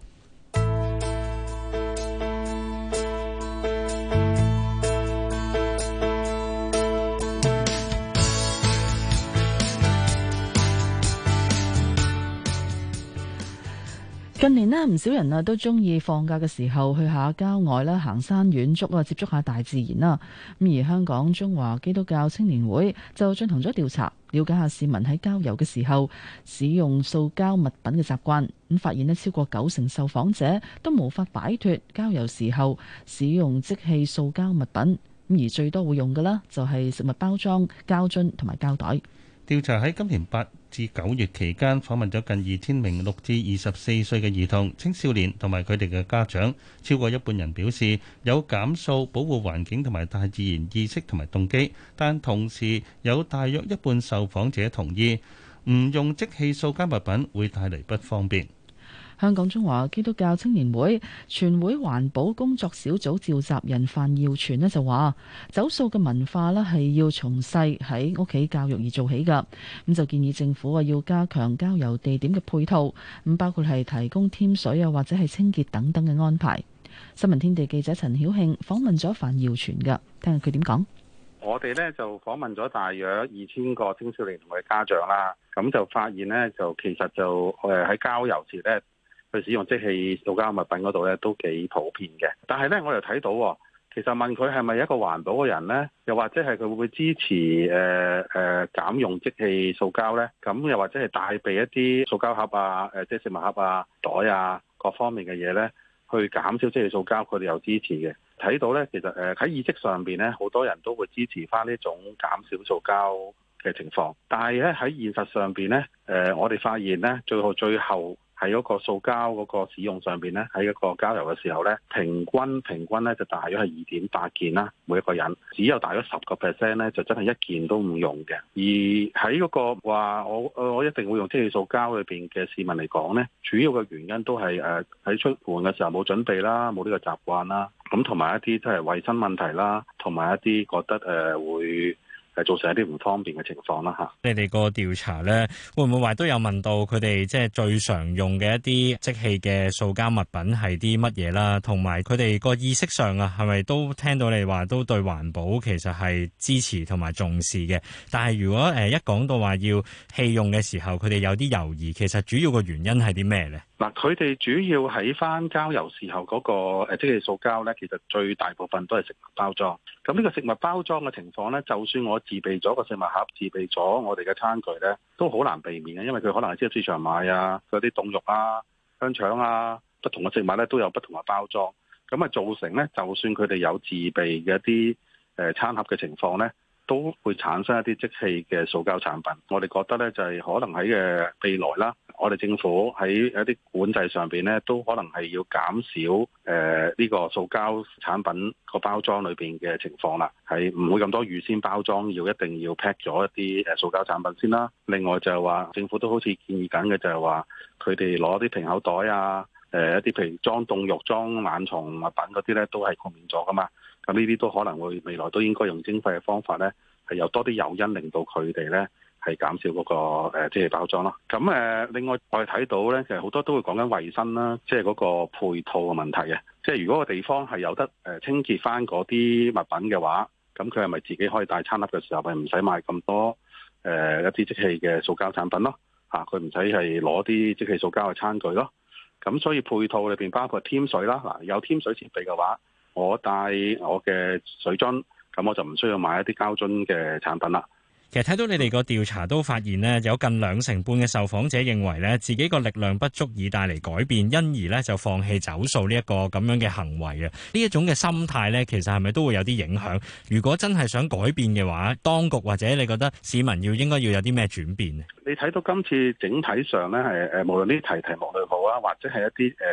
近年呢，唔少人啊都中意放假嘅時候去下郊外啦，行山遠足啊，接觸下大自然啦。咁而香港中華基督教青年會就進行咗調查，了解下市民喺郊遊嘅時候使用塑膠物品嘅習慣。咁發現呢，超過九成受訪者都無法擺脫郊遊時候使用即棄塑膠物品。咁而最多會用嘅啦，就係食物包裝、膠樽同埋膠袋。調查喺今年八至九月期間訪問咗近二千名六至二十四歲嘅兒童、青少年同埋佢哋嘅家長，超過一半人表示有減塑保護環境同埋大自然意識同埋動機，但同時有大約一半受訪者同意唔用即棄塑膠物品會帶嚟不方便。香港中華基督教青年會全會環保工作小組召集人范耀全呢就話，走塑嘅文化呢係要從細喺屋企教育而做起噶咁就建議政府啊要加強郊遊地點嘅配套，咁包括係提供添水啊或者係清潔等等嘅安排。新聞天地記者陳曉慶訪問咗范耀全噶聽下佢點講。我哋呢就訪問咗大約二千個青少年同佢家長啦，咁就發現呢，就其實就誒喺郊遊時呢。去使用即棄塑膠物品嗰度咧，都幾普遍嘅。但係咧，我又睇到、哦，其實問佢係咪一個環保嘅人咧，又或者係佢會唔會支持誒誒、呃呃、減用即棄塑膠咧？咁又或者係帶備一啲塑膠盒啊、誒即食物盒啊、袋啊各方面嘅嘢咧，去減少即棄塑膠，佢哋又支持嘅。睇到咧，其實誒喺意識上邊咧，好多人都會支持翻呢種減少塑膠嘅情況。但係咧喺現實上邊咧，誒、呃、我哋發現咧，最後最後。喺嗰個塑膠嗰個使用上邊咧，喺一個交流嘅時候咧，平均平均咧就大約係二點八件啦，每一個人只有大約十個 percent 咧，就真係一件都唔用嘅。而喺嗰、嗰個話我誒我一定會用即係塑膠裏邊嘅市民嚟講咧，主要嘅原因都係誒喺出門嘅時候冇準備啦，冇呢個習慣啦，咁同埋一啲即係衞生問題啦，同埋一啲覺得誒、呃、會。係造成一啲唔方便嘅情況啦嚇。你哋個調查咧，會唔會話都有問到佢哋即係最常用嘅一啲即棄嘅塑膠物品係啲乜嘢啦？同埋佢哋個意識上啊，係咪都聽到你話都對環保其實係支持同埋重視嘅？但係如果誒一講到話要棄用嘅時候，佢哋有啲猶豫，其實主要個原因係啲咩咧？嗱，佢哋主要喺翻郊遊時候嗰個誒，即係塑膠呢，其實最大部分都係食物包裝。咁呢個食物包裝嘅情況呢，就算我自備咗個食物盒，自備咗我哋嘅餐具呢，都好難避免嘅，因為佢可能係即喺市場買啊，嗰啲凍肉啊、香腸啊，不同嘅食物呢，都有不同嘅包裝。咁啊，造成呢，就算佢哋有自備嘅一啲誒餐盒嘅情況呢，都會產生一啲即棄嘅塑膠產品，我哋覺得呢，就係、是、可能喺嘅未來啦，我哋政府喺一啲管制上邊呢，都可能係要減少誒呢、呃呢個塑膠產品個包裝裏邊嘅情況啦，係唔會咁多預先包裝要一定要 pack 咗一啲塑膠產品先啦。另外就係話政府都好似建議緊嘅就係話佢哋攞啲瓶口袋啊，誒一啲譬如裝凍肉、裝冷藏物品嗰啲呢，都係豁免咗㗎嘛。咁呢啲都可能會未來都應該用徵費嘅方法呢，係有多啲誘因令到佢哋呢，係減少嗰、嗰個即係、呃、包裝咯。咁誒另外我哋睇到呢，其實好多都會講緊衞生啦，即係嗰個配套嘅問題嘅。即係如果個地方係有得誒清潔翻嗰啲物品嘅話，咁佢係咪自己可以帶餐盒嘅時候係唔使買咁多誒、呃、一啲即棄嘅塑膠產品咯？嚇、啊，佢唔使係攞啲即棄塑膠嘅餐具咯。咁所以配套裏邊包括添水啦，嗱有添水設備嘅話，我帶我嘅水樽，咁我就唔需要買一啲膠樽嘅產品啦。其實睇到你哋個調查都發現呢，有近兩成半嘅受訪者認為呢，自己個力量不足以帶嚟改變，因而呢就放棄走塑呢一個咁樣嘅行為啊。呢一種嘅心態呢，其實係咪都會有啲影響？如果真係想改變嘅話，當局或者你覺得市民要應該要有啲咩轉變？你睇到今次整體上呢，係誒，無論啲題題目裏好啊，或者係一啲誒、呃，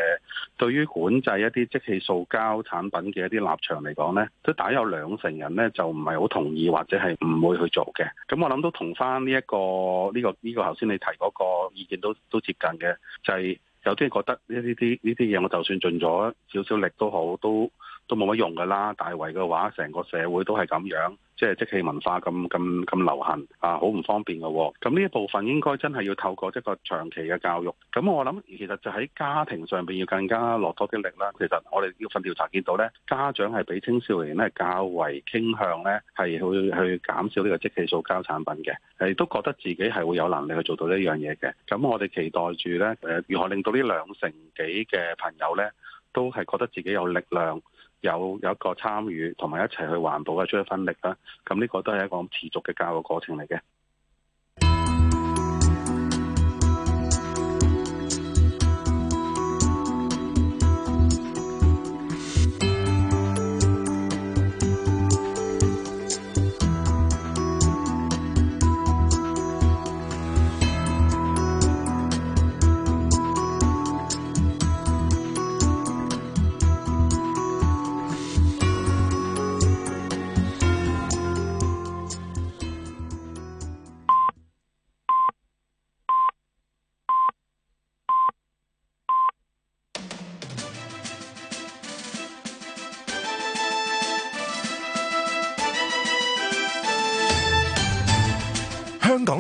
對於管制一啲即棄塑膠產品嘅一啲立場嚟講呢，都大有兩成人呢，就唔係好同意或者係唔會去做嘅。咁我諗都同翻呢一個呢個呢個頭先你提嗰個意見都都接近嘅，就係有啲人覺得，呢呢啲呢啲嘢，我就算盡咗少少力都好都。都冇乜用噶啦，大圍嘅話，成個社會都係咁樣，即係即棄文化咁咁咁流行啊，好唔方便噶啊。咁呢一部分應該真係要透過一個長期嘅教育。咁我諗其實就喺家庭上邊要更加落多啲力啦。其實我哋要份調查見到咧，家長係比青少年咧較為傾向咧係去去減少呢個即棄塑膠產品嘅，係都覺得自己係會有能力去做到呢樣嘢嘅。咁我哋期待住咧，如何令到呢兩成幾嘅朋友咧都係覺得自己有力量？有有一個參與同埋一齊去環保嘅出一分力啦，咁、這、呢個都係一個持續嘅教育過程嚟嘅。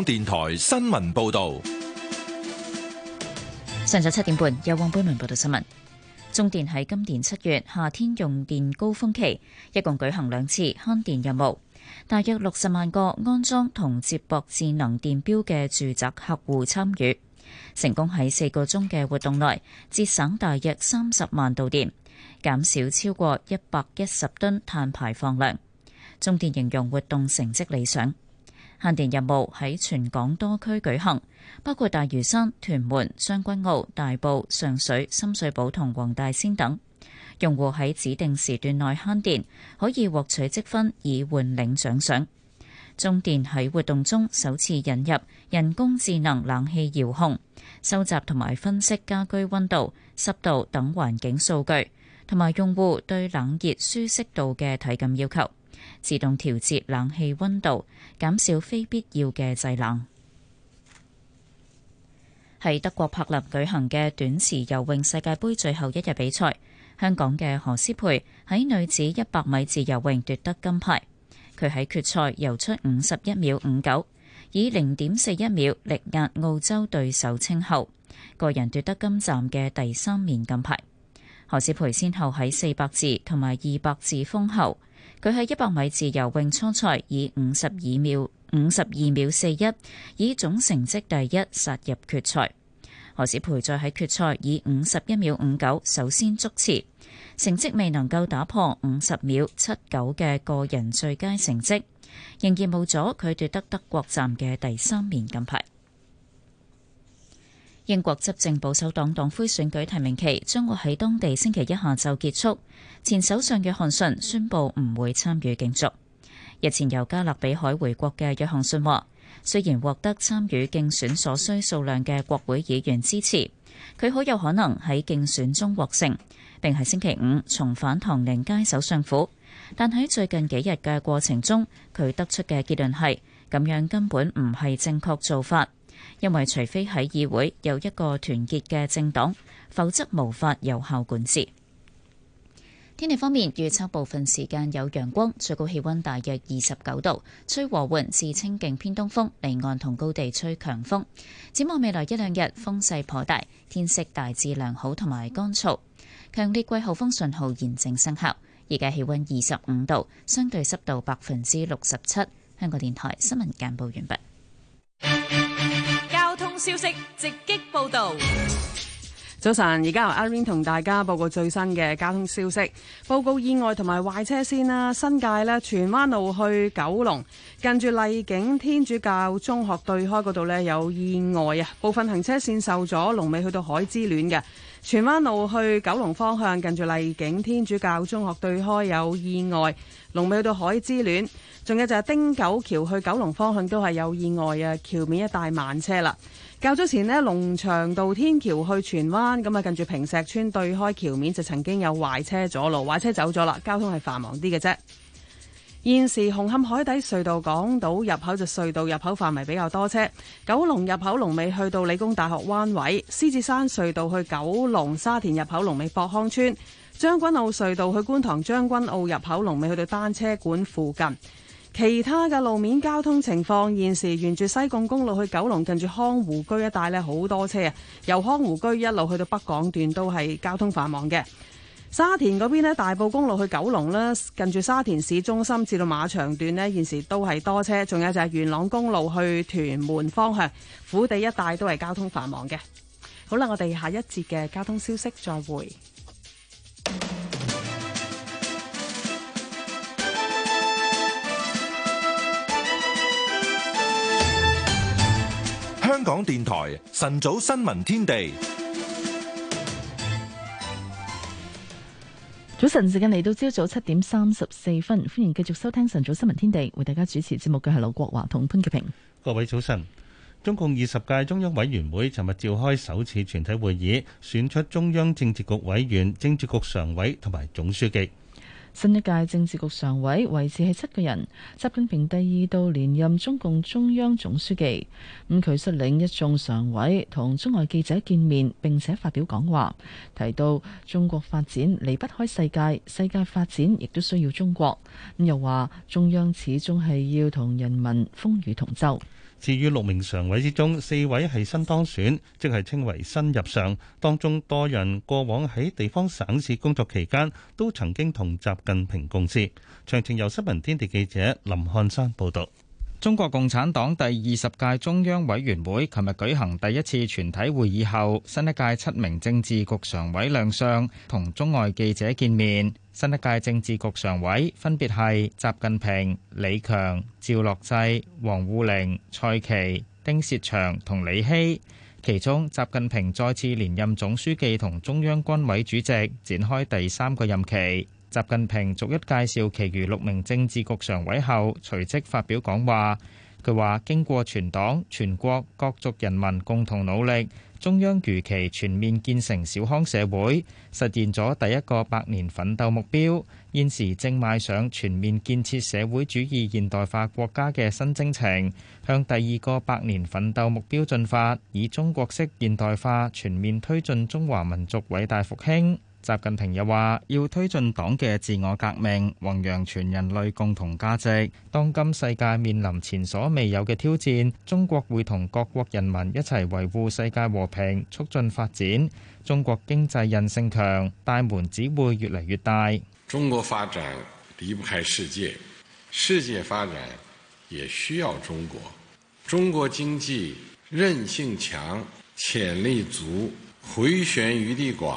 電台新聞報道：上晝七點半，有黃貝明報道新聞。中電喺今年七月夏天用電高峰期，一共舉行兩次慳電任務，大約六十萬個安裝同接駁智能電錶嘅住宅客戶參與，成功喺四個鐘嘅活動內節省大約三十萬度電，減少超過一百一十噸碳排放量。中電形容活動成績理想。慳電任務喺全港多區舉行，包括大嶼山、屯門、將軍澳、大埔、上水、深水埗同黃大仙等。用戶喺指定時段內慳電，可以獲取積分以換領獎賞。中電喺活動中首次引入人工智能冷氣遙控，收集同埋分析家居溫度、濕度等環境數據，同埋用戶對冷熱舒適度嘅體感要求，自動調節冷氣溫度。減少非必要嘅製冷。喺德國柏林舉行嘅短池游泳世界杯最後一日比賽，香港嘅何詩蓓喺女子一百米自由泳奪得金牌。佢喺決賽游出五十一秒五九，以零點四一秒力壓澳洲對手稱后，個人奪得今站嘅第三面金牌。何詩蓓先後喺四百字同埋二百字封后。佢喺一百米自由泳初賽以五十二秒五十二秒四一，以總成績第一殺入決賽。何詩蓓再喺決賽以五十一秒五九首先觸池，成績未能夠打破五十秒七九嘅個人最佳成績，仍然冇阻佢奪得德國站嘅第三面金牌。英國執政保守黨黨魁選舉提名期將會喺當地星期一下晝結束。前首相約翰遜宣布唔會參與競逐。日前由加勒比海回國嘅約翰遜話，雖然獲得參與競選所需數量嘅國會議員支持，佢好有可能喺競選中獲勝，並喺星期五重返唐寧街首相府。但喺最近幾日嘅過程中，佢得出嘅結論係，咁樣根本唔係正確做法。因為除非喺議會有一個團結嘅政黨，否則無法有效管治。天氣方面，預測部分時間有陽光，最高氣溫大約二十九度，吹和緩至清勁偏東風，離岸同高地吹強風。展望未來一兩日，風勢頗大，天色大致良好同埋乾燥，強烈季候風信號現正生效。而家氣溫二十五度，相對濕度百分之六十七。香港電台新聞簡報完畢。交通消息直擊報道。早晨，而家由阿 Ring 同大家報告最新嘅交通消息。報告意外同埋壞車先啦。新界咧，荃灣路去九龍，近住荔景天主教中學對開嗰度呢，有意外啊！部分行車線受阻，龍尾去到海之戀嘅。荃灣路去九龍方向，近住麗景天主教中學對開有意外，龍尾去到海之戀。仲有就係汀九橋去九龍方向都係有意外啊，橋面一帶慢車啦。較早前呢，龍翔道天橋去荃灣，咁啊近住平石村對開橋面就曾經有壞車阻路，壞車走咗啦，交通係繁忙啲嘅啫。現時紅磡海底隧道港島入口就隧道入口範圍比較多車，九龍入口龍尾去到理工大學彎位，獅子山隧道去九龍沙田入口龍尾博康邨，將軍澳隧道去觀塘將軍澳入口龍尾去到單車館附近。其他嘅路面交通情況，現時沿住西貢公路去九龍近住康湖居一帶呢，好多車啊，由康湖居一路去到北港段都係交通繁忙嘅。沙田嗰邊呢，大埔公路去九龍咧，近住沙田市中心至到馬場段呢，現時都係多車。仲有就係元朗公路去屯門方向，虎地一帶都係交通繁忙嘅。好啦，我哋下一節嘅交通消息再會。香港電台晨早新聞天地。早晨，時間嚟到朝早七點三十四分，歡迎繼續收聽晨早新聞天地，為大家主持節目嘅係劉國華同潘潔平。各位早晨！中共二十屆中央委員會尋日召開首次全體會議，選出中央政治局委員、政治局常委同埋總書記。新一屆政治局常委維持係七個人，習近平第二度連任中共中央總書記。咁佢率領一眾常委同中外記者見面，並且發表講話，提到中國發展離不開世界，世界發展亦都需要中國。咁又話中央始終係要同人民風雨同舟。至於六名常委之中，四位係新當選，即係稱為新入常，當中多人過往喺地方省市工作期間，都曾經同習近平共事。詳情由新聞天地記者林漢山報道。中國共產黨第二十屆中央委員會琴日舉行第一次全體會議後，新一屆七名政治局常委亮相，同中外記者見面。新一屆政治局常委分別係習近平、李強、趙樂際、王滬寧、蔡奇、丁薛祥同李希，其中習近平再次連任總書記同中央軍委主席，展開第三個任期。習近平逐一介紹其餘六名政治局常委後，隨即發表講話。佢話：經過全黨、全國各族人民共同努力，中央如期全面建成小康社會，實現咗第一個百年奮鬥目標。現時正邁上全面建設社會主義現代化國家嘅新征程，向第二個百年奮鬥目標進發，以中國式現代化全面推進中華民族偉大復興。習近平又話：要推進黨嘅自我革命，弘揚全人類共同價值。當今世界面臨前所未有嘅挑戰，中國會同各國人民一齊維護世界和平，促進發展。中國經濟韌性強，大門只會越嚟越大。中國發展離不開世界，世界發展也需要中國。中國經濟韌性強，潛力足，迴旋餘地廣。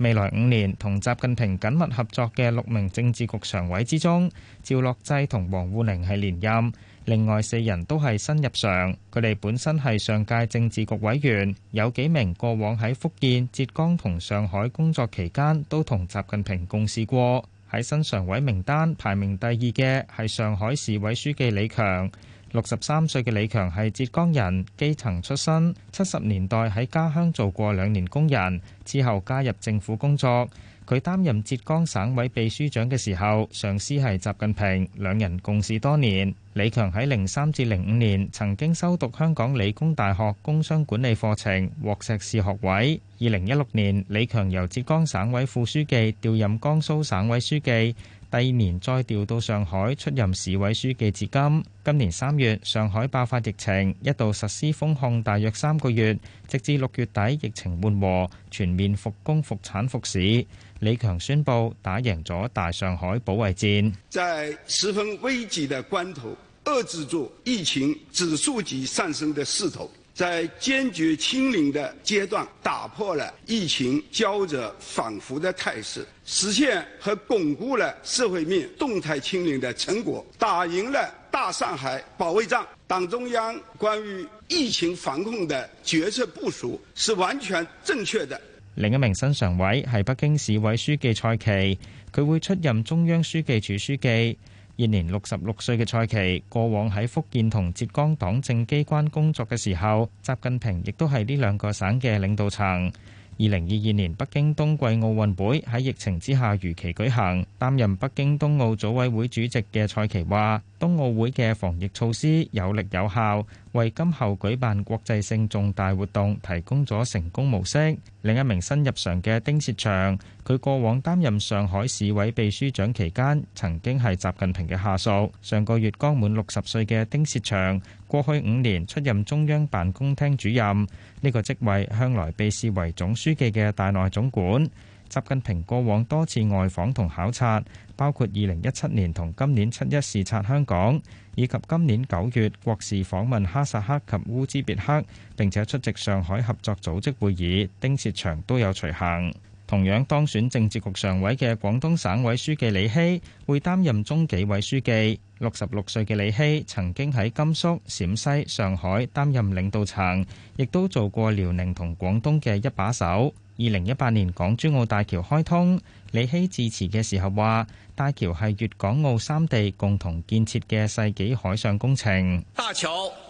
未來五年同習近平緊密合作嘅六名政治局常委之中，趙樂際同王滬寧係連任，另外四人都係新入常。佢哋本身係上屆政治局委員，有幾名過往喺福建、浙江同上海工作期間都同習近平共事過。喺新常委名單排名第二嘅係上海市委書記李強。六十三歲嘅李強係浙江人，基層出身，七十年代喺家鄉做過兩年工人，之後加入政府工作。佢擔任浙江省委秘書長嘅時候，上司係習近平，兩人共事多年。李強喺零三至零五年曾經修讀香港理工大學工商管理課程，獲碩士學位。二零一六年，李強由浙江省委副書記調任江蘇省委書記。第二年再調到上海出任市委書記至今。今年三月上海爆發疫情，一度實施封控大約三個月，直至六月底疫情緩和，全面復工復產復市。李強宣布打贏咗大上海保衛戰。在十分危急的關頭遏制住疫情指數級上升的勢頭。在堅決清零的階段，打破了疫情膠著反覆的態勢，實現和鞏固了社會面動態清零的成果，打贏了大上海保衛戰。黨中央關於疫情防控的決策部署是完全正確的。另一名新常委係北京市委書記蔡奇，佢會出任中央書記處書記。現年六十六歲嘅蔡奇，過往喺福建同浙江黨政機關工作嘅時候，習近平亦都係呢兩個省嘅領導層。二零二二年北京冬季奧運會喺疫情之下如期舉行。擔任北京冬奧組委會主席嘅蔡奇話冬奧會嘅防疫措施有力有效，為今後舉辦國際性重大活動提供咗成功模式。另一名新入常嘅丁薛祥，佢過往擔任上海市委秘書長期間曾經係習近平嘅下屬，上個月剛滿六十歲嘅丁薛祥，過去五年出任中央辦公廳主任，呢個職位向來被視為總書記嘅大內總管。習近平過往多次外訪同考察，包括二零一七年同今年七一視察香港，以及今年九月國事訪問哈薩克及烏茲別克，並且出席上海合作組織會議，丁薛祥都有隨行。同樣當選政治局常委嘅廣東省委書記李希會擔任中紀委書記。六十六歲嘅李希曾經喺甘肅、陝西、上海擔任領導層，亦都做過遼寧同廣東嘅一把手。二零一八年港珠澳大橋開通，李希致辭嘅時候話：大橋係粵港澳三地共同建設嘅世紀海上工程。大橋。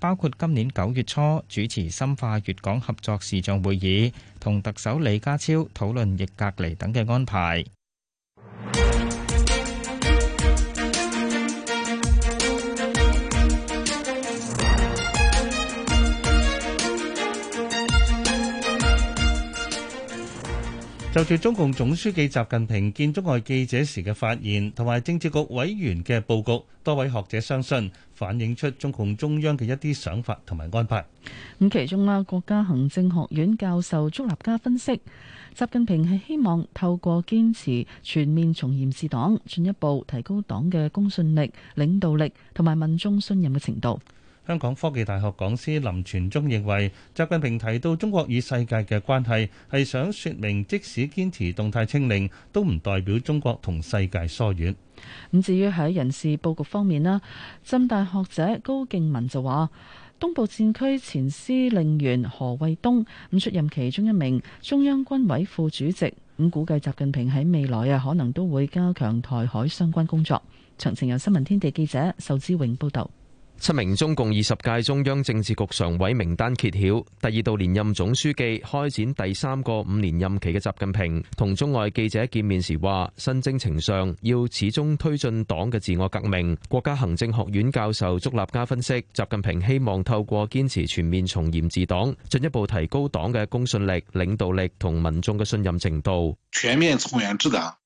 包括今年九月初主持深化粵港合作視像會議，同特首李家超討論逆隔離等嘅安排。就住中共總書記習近平見中外記者時嘅發言，同埋政治局委員嘅布局，多位學者相信反映出中共中央嘅一啲想法同埋安排。咁其中啦，國家行政學院教授竹立家分析，習近平係希望透過堅持全面從嚴治黨，進一步提高黨嘅公信力、領導力同埋民眾信任嘅程度。香港科技大學講師林傳忠認為習近平提到中國與世界嘅關係，係想說明即使堅持動態清零，都唔代表中國同世界疏遠。咁至於喺人事布局方面咧，浸大學者高敬文就話，東部戰區前司令員何衛東咁出任其中一名中央軍委副主席，咁估計習近平喺未來啊可能都會加強台海相關工作。詳情由新聞天地記者仇之永報道。七名中共二十屆中央政治局常委名單揭曉，第二度連任總書記，開展第三個五年任期嘅習近平，同中外記者見面時話：新征程上要始終推進黨嘅自我革命。國家行政學院教授竹立家分析，習近平希望透過堅持全面從嚴治黨，進一步提高黨嘅公信力、領導力同民眾嘅信任程度。全面從嚴治黨。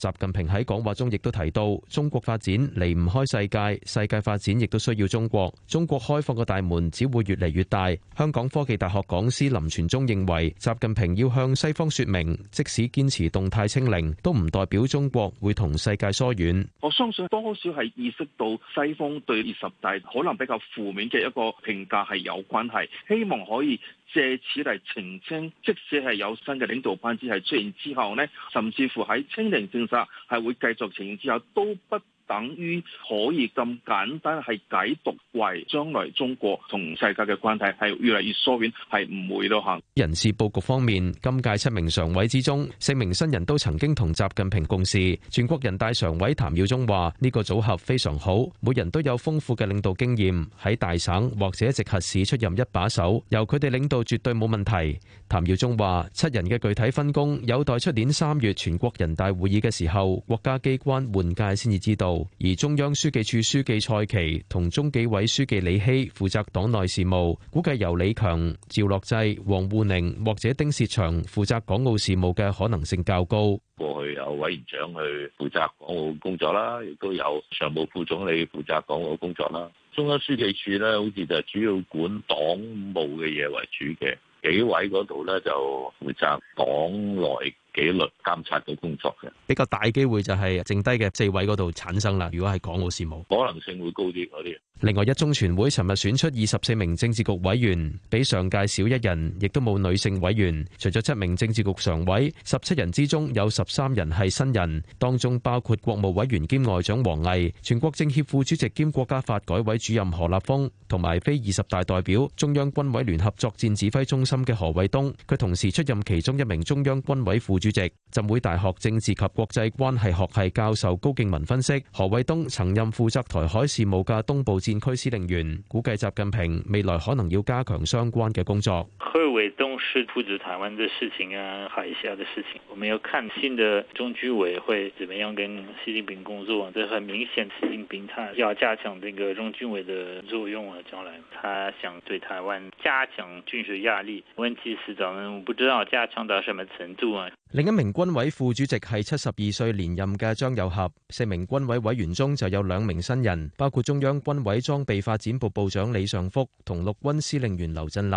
習近平喺講話中亦都提到，中國發展離唔開世界，世界發展亦都需要中國。中國開放嘅大門只會越嚟越大。香港科技大學講師林傳忠認為，習近平要向西方說明，即使堅持動態清零，都唔代表中國會同世界疏遠。我相信多少係意識到西方對二十大可能比較負面嘅一個評價係有關係，希望可以。借此嚟澄清，即使係有新嘅領導班子係出現之後咧，甚至乎喺清零政策係會繼續呈現之後，都不。等於可以咁簡單係解讀為將來中國同世界嘅關係係越嚟越疏遠，係唔會到行。人事佈局方面，今屆七名常委之中，四名新人都曾經同習近平共事。全國人大常委譚耀宗話：呢個組合非常好，每人都有豐富嘅領導經驗，喺大省或者直轄市出任一把手，由佢哋領導絕對冇問題。譚耀宗話：七人嘅具體分工有待出年三月全國人大會議嘅時候，國家機關換屆先至知道。而中央書記處書記蔡奇同中紀委書記李希負責黨內事務，估計由李強、趙樂際、王滬寧或者丁薛祥負責港澳事務嘅可能性較高。過去有委員長去負責港澳工作啦，亦都有常務副總理負責港澳工作啦。中央書記處咧，好似就主要管黨務嘅嘢為主嘅，紀委嗰度咧就負責黨內。紀律監察嘅工作嘅，比較大機會就係剩低嘅四位嗰度產生啦。如果係港澳事務，可能性會高啲嗰啲。另外，一中全會尋日選出二十四名政治局委員，比上屆少一人，亦都冇女性委員。除咗七名政治局常委，十七人之中有十三人係新人，當中包括國務委員兼外長王毅、全國政協副主席兼國家發改委主任何立峰，同埋非二十大代表中央軍委聯合作戰指揮中心嘅何衛東。佢同時出任其中一名中央軍委副。主席。浸會大學政治及國際關係學系教授高敬文分析，何衛東曾任負責台海事務嘅東部戰區司令員，估計習近平未來可能要加強相關嘅工作。何衛東是負責台灣嘅事情啊，海峽嘅事情。我們要看新的中軍委會怎麼樣跟習近平工作，啊，就很明顯習近平他要加強呢個中軍委的作用啊，將來他想對台灣加強軍事壓力。問題是，咱們不知道加強到什麼程度啊。另一名軍委副主席係七十二歲連任嘅張又俠，四名軍委委員中就有兩名新人，包括中央軍委裝備發展部部長李尚福同陸軍司令員劉振立。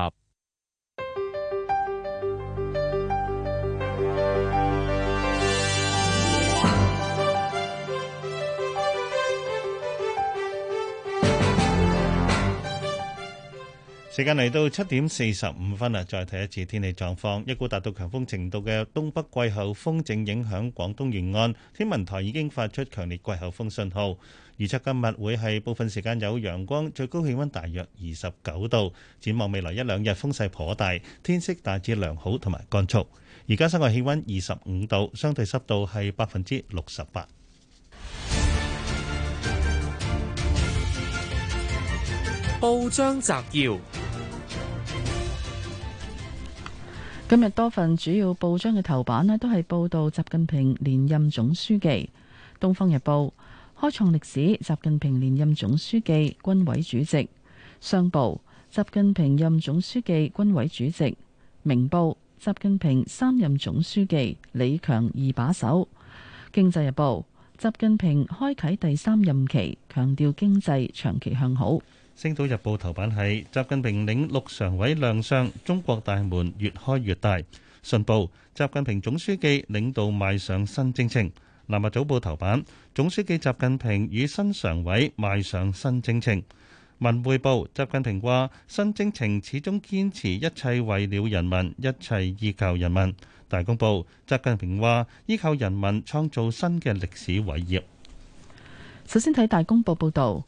時間嚟到七點四十五分啦，再睇一次天氣狀況。一股達到強風程度嘅東北季候風正影響廣東沿岸，天文台已經發出強烈季候風信號，預測今日會係部分時間有陽光，最高氣温大約二十九度。展望未來一兩日風勢頗大，天色大致良好同埋乾燥。而家室外氣温二十五度，相對濕度係百分之六十八。報章摘要。今日多份主要報章嘅頭版呢，都係報道習近平連任總書記。東方日報，開創歷史，習近平連任總書記、軍委主席。商報，習近平任總書記、軍委主席。明報，習近平三任總書記，李強二把手。經濟日報，習近平開啟第三任期，強調經濟長期向好。星島日報頭版喺「習近平領六常委亮相，中國大門越開越大。信報：習近平總書記領導邁上新征程。南華早報頭版：總書記習近平與新常委邁上新征程。文匯報：習近平話新征程始終堅持一切為了人民，一切依靠人民。大公報：習近平話依靠人民創造新嘅歷史偉業。首先睇大公報報道。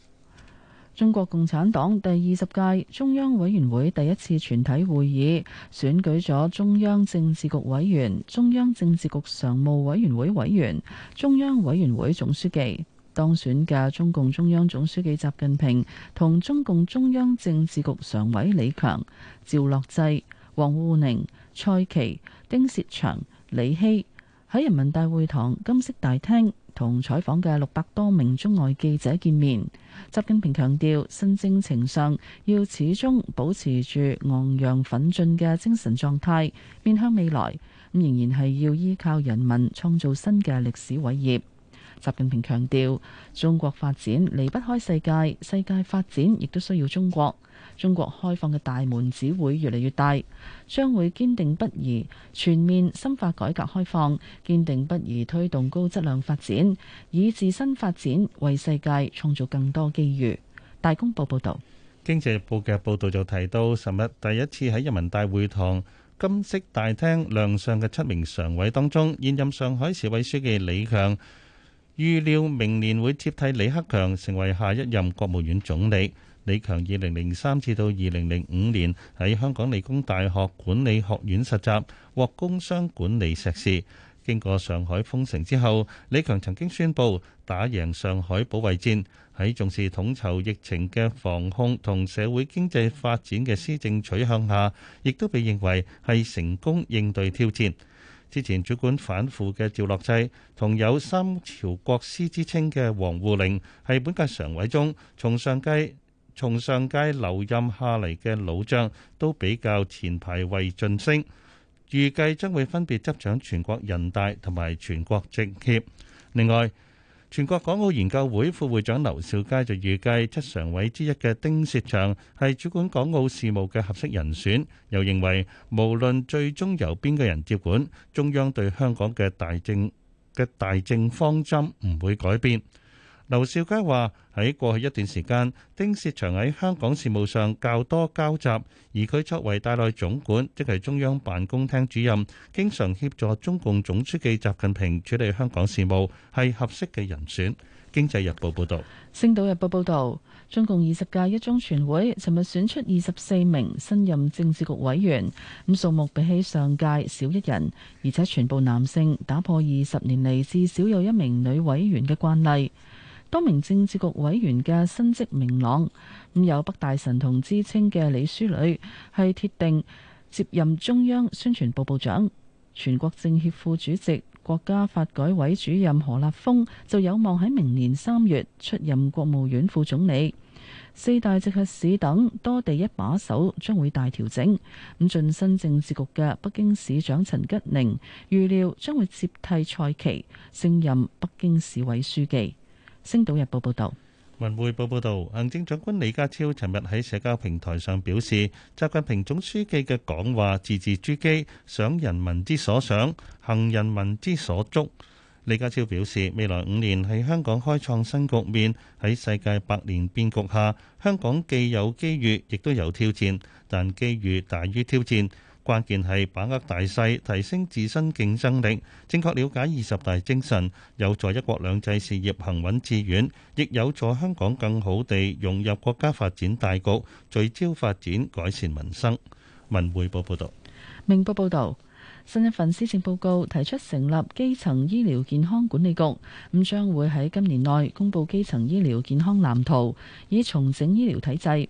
中國共產黨第二十屆中央委員會第一次全體會議選舉咗中央政治局委員、中央政治局常務委員會委員、中央委員會總書記。當選嘅中共中央總書記習近平同中共中央政治局常委李強、趙樂際、王滬寧、蔡奇、丁薛祥、李希喺人民大會堂金色大廳。同採訪嘅六百多名中外記者見面，習近平強調，新征程上要始終保持住昂揚奮進嘅精神狀態，面向未來，咁仍然係要依靠人民創造新嘅歷史偉業。習近平強調，中國發展離不開世界，世界發展亦都需要中國。中國開放嘅大門只會越嚟越大，將會堅定不移全面深化改革開放，堅定不移推動高質量發展，以自身發展為世界創造更多機遇。大公報報道，經濟日報嘅報道就提到，尋日第一次喺人民大會堂金色大廳亮相嘅七名常委當中，現任上海市委書記李強，預料明年會接替李克強成為下一任國務院總理。李強二零零三至到二零零五年喺香港理工大學管理學院實習，獲工商管理碩士。經過上海封城之後，李強曾經宣布打贏上海保衛戰。喺重視統籌疫情嘅防控同社會經濟發展嘅施政取向下，亦都被認為係成功應對挑戰。之前主管反腐嘅趙樂際同有“三朝國師”之稱嘅王滬寧，係本屆常委中從上屆。從上屆留任下嚟嘅老將都比較前排位晉升，預計將會分別執掌全國人大同埋全國政協。另外，全國港澳研究會副會長劉兆佳就預計七常委之一嘅丁薛祥係主管港澳事務嘅合適人選，又認為無論最終由邊個人接管，中央對香港嘅大政嘅大政方針唔會改變。劉兆佳話：喺過去一段時間，丁薛祥喺香港事務上較多交集，而佢作為大內總管，即係中央辦公廳主任，經常協助中共總書記習近平處理香港事務，係合適嘅人選。經濟日報報道，星島日報報道，中共二十屆一中全會尋日選出二十四名新任政治局委員，咁數目比起上屆少一人，而且全部男性，打破二十年嚟至少有一名女委員嘅慣例。多名政治局委員嘅新職明朗，咁有北大神童之稱嘅李書磊係鐵定接任中央宣傳部部長。全國政協副主席、國家發改委主任何立峰就有望喺明年三月出任國務院副總理。四大直轄市等多地一把手將會大調整。咁晉身政治局嘅北京市長陳吉寧預料將會接替蔡奇，升任北京市委書記。《星島日報》報道，《文匯報》報道，行政長官李家超尋日喺社交平台上表示，習近平總書記嘅講話字字珠璣，想人民之所想，行人民之所足。李家超表示，未來五年係香港開創新局面。喺世界百年變局下，香港既有機遇，亦都有挑戰，但機遇大於挑戰。關鍵係把握大勢，提升自身競爭力，正確了解二十大精神，有助一國兩制事業行穩致遠，亦有助香港更好地融入國家發展大局，聚焦發展改善民生。文匯報報道，明報報道，新一份施政報告提出成立基層醫療健康管理局，咁將會喺今年內公布基層醫療健康藍圖，以重整醫療體制。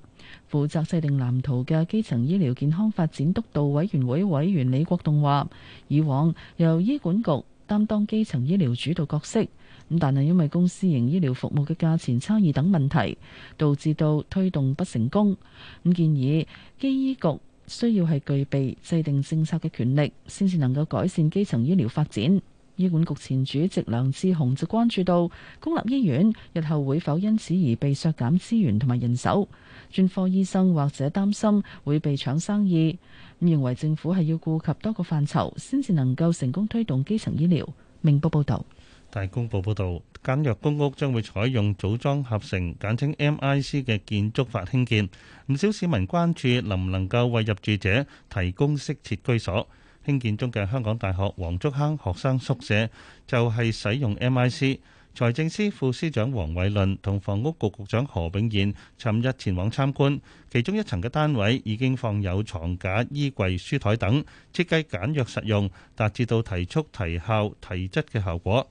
負責制定藍圖嘅基層醫療健康發展督導委員會委員李國棟話，以往由醫管局擔當基層醫療主導角色，咁但係因為公私營醫療服務嘅價錢差異等問題，導致到推動不成功。咁建議基醫局需要係具備制定政策嘅權力，先至能夠改善基層醫療發展。醫管局前主席梁志雄就關注到，公立醫院日後會否因此而被削減資源同埋人手，專科醫生或者擔心會被搶生意。咁認為政府係要顧及多個範疇，先至能夠成功推動基層醫療。明報報道，大公報報道，簡約公屋將會採用組裝合成，簡稱 MIC 嘅建築法興建。唔少市民關注，能唔能夠為入住者提供適切居所？興建中嘅香港大學黃竹坑學生宿舍就係使用 M.I.C. 財政司副司長黃偉綸同房屋局局長何永賢尋日前往參觀，其中一層嘅單位已經放有床架、衣櫃、書枱等，設計簡約實用，達至到提速、提效、提質嘅效果。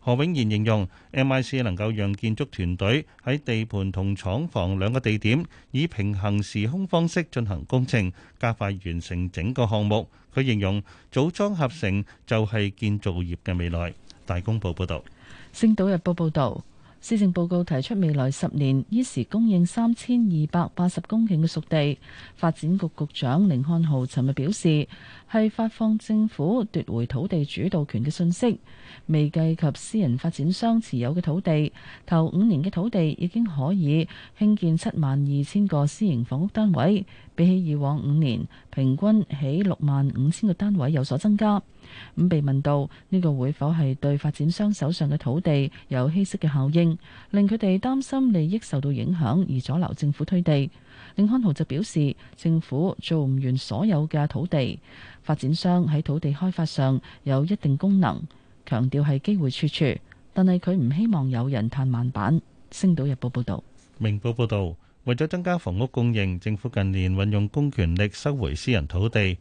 何永賢形容 M.I.C. 能夠讓建築團隊喺地盤同廠房兩個地點以平行時空方式進行工程，加快完成整個項目。佢形容組裝合成就係建造業嘅未來。大公報報導。星島日報報導。施政報告提出未來十年依時供應三千二百八十公頃嘅熟地，發展局局長甯漢豪尋日表示，係發放政府奪回土地主導權嘅訊息，未計及私人發展商持有嘅土地。頭五年嘅土地已經可以興建七萬二千個私營房屋單位，比起以往五年平均起六萬五千個單位有所增加。咁被問到呢個會否係對發展商手上嘅土地有稀釋嘅效應，令佢哋擔心利益受到影響而阻撓政府推地？甯漢豪就表示，政府做唔完所有嘅土地，發展商喺土地開發上有一定功能，強調係機會處處，但係佢唔希望有人嘆慢板。星島日報報導，明報報導，為咗增加房屋供應，政府近年運用公權力收回私人土地。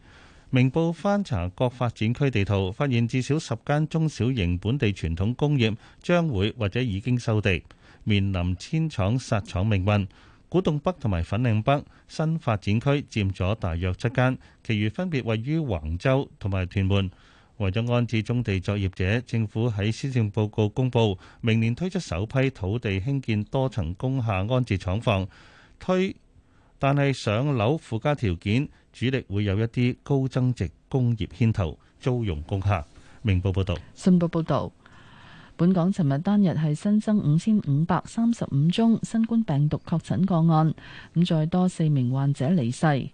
明報翻查各發展區地圖，發現至少十間中小型本地傳統工業將會或者已經收地，面臨遷廠殺廠命運。古洞北同埋粉嶺北新發展區佔咗大約七間，其餘分別位於橫洲同埋屯門。為咗安置棕地作業者，政府喺施政報告公布，明年推出首批土地興建多層工廈安置廠房。推，但係上樓附加條件。主力會有一啲高增值工業牽頭租用工廈。明報報導，信報報導，本港尋日單日係新增五千五百三十五宗新冠病毒確診個案，咁再多四名患者離世。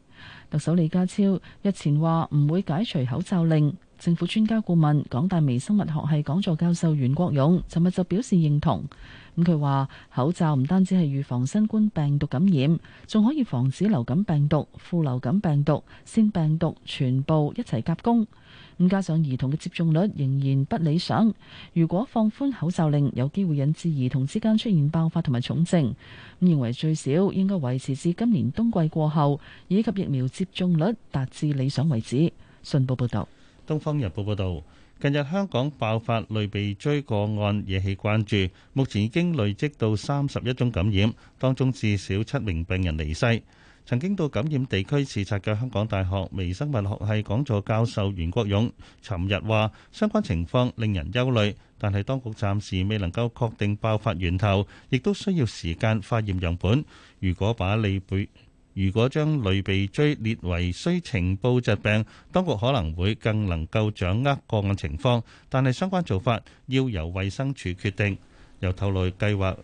特首李家超日前話唔會解除口罩令。政府專家顧問，港大微生物學系講座教授袁國勇，尋日就表示認同咁。佢、嗯、話：口罩唔單止係預防新冠病毒感染，仲可以防止流感病毒、副流感病毒、腺病毒全部一齊夾攻。咁、嗯、加上兒童嘅接種率仍然不理想，如果放寬口罩令，有機會引致兒童之間出現爆發同埋重症。咁、嗯、認為最少應該維持至今年冬季過後，以及疫苗接種率達至理想為止。信報報道。《東方日報》報導，近日香港爆發類鼻疽個案惹起關注，目前已經累積到三十一宗感染，當中至少七名病人離世。曾經到感染地區視察嘅香港大學微生物學系講座教授袁國勇，尋日話相關情況令人憂慮，但係當局暫時未能夠確定爆發源頭，亦都需要時間化驗樣本。如果把李貝如果將類鼻疽列為需呈報疾病，當局可能會更能夠掌握個案情況。但係相關做法要由衛生署決定。由透露計劃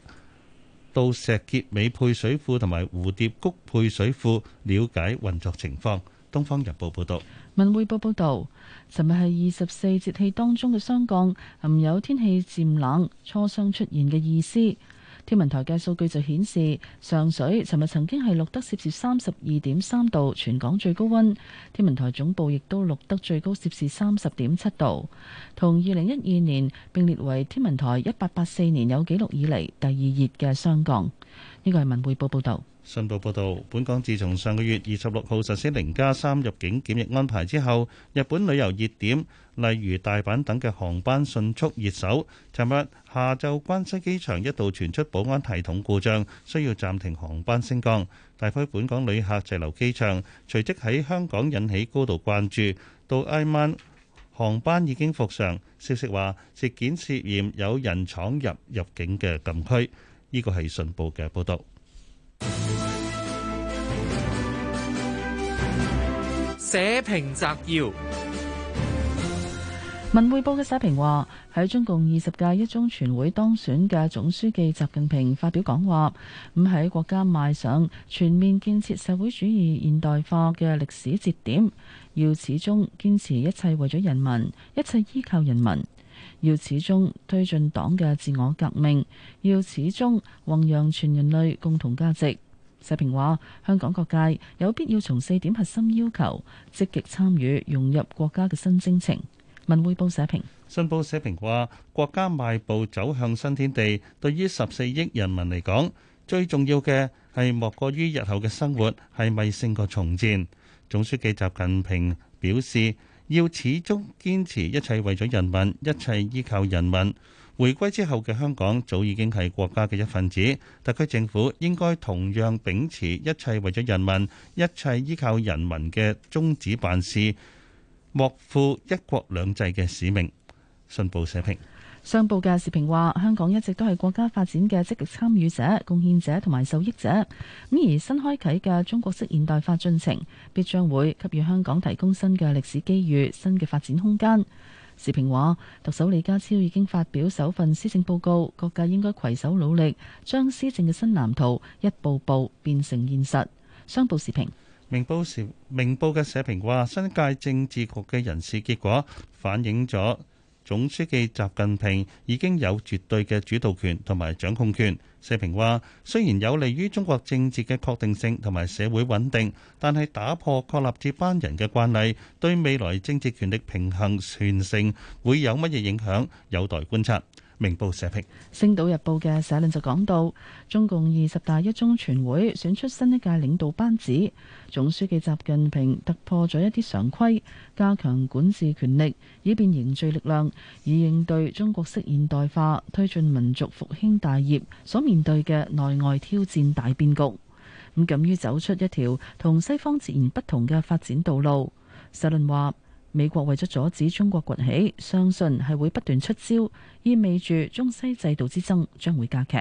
到石硤尾配水庫同埋蝴蝶谷配水庫了解運作情況。《東方日報》報道。《文匯報》報道，尋日係二十四節氣當中嘅霜降，含有天氣漸冷、初霜出現嘅意思。天文台嘅數據就顯示，上水尋日曾經係錄得攝氏三十二點三度，全港最高溫。天文台總部亦都錄得最高攝氏三十點七度，同二零一二年並列為天文台一八八四年有記錄以嚟第二熱嘅霜降。呢個係文匯報報導。信報報導，本港自從上個月二十六號實施零加三入境檢疫安排之後，日本旅遊熱點例如大阪等嘅航班迅速熱手。尋日下晝關西機場一度傳出保安系統故障，需要暫停航班升降，大批本港旅客滯留機場，隨即喺香港引起高度關注。到挨晚航班已經復常，消息話事件涉嫌有人闖入入境嘅禁區。呢個係信報嘅報導。社評摘要。文匯報嘅社評話：喺中共二十屆一中全會當選嘅總書記習近平發表講話，咁喺國家邁上全面建設社會主義現代化嘅歷史節點，要始終堅持一切為咗人民，一切依靠人民，要始終推進黨嘅自我革命，要始終弘揚全人類共同價值。社評話：香港各界有必要從四點核心要求積極參與融入國家嘅新征程。文匯報社評，信報社評話，國家邁步走向新天地，對於十四億人民嚟講，最重要嘅係莫過於日後嘅生活係咪勝過重建。總書記習近平表示，要始終堅持一切為咗人民，一切依靠人民。回歸之後嘅香港，早已經係國家嘅一份子，特區政府應該同樣秉持一切為咗人民，一切依靠人民嘅宗旨辦事。莫負一國兩制嘅使命。信報社評。商報嘅時評話，香港一直都係國家發展嘅積極參與者、貢獻者同埋受益者。咁而新開啟嘅中國式現代化進程，必將會給予香港提供新嘅歷史機遇、新嘅發展空間。時評話，特首李家超已經發表首份施政報告，各界應該攜手努力，將施政嘅新藍圖一步步變成現實。商報時評。明報社，明報嘅社評話：新一屆政治局嘅人事結果反映咗總書記習近平已經有絕對嘅主導權同埋掌控權。社評話：雖然有利於中國政治嘅確定性同埋社會穩定，但係打破確立接班人嘅慣例，對未來政治權力平衡傳承會有乜嘢影響，有待觀察。明報社評，《星島日報》嘅社論就講到，中共二十大一中全會選出新一屆領導班子，總書記習近平突破咗一啲常規，加強管治權力，以便凝聚力量，以應對中國式現代化、推進民族復興大業所面對嘅內外挑戰大變局。咁敢於走出一條同西方截然不同嘅發展道路，社論話。美國為咗阻止中國崛起，相信係會不斷出招，意味住中西制度之爭將會加劇。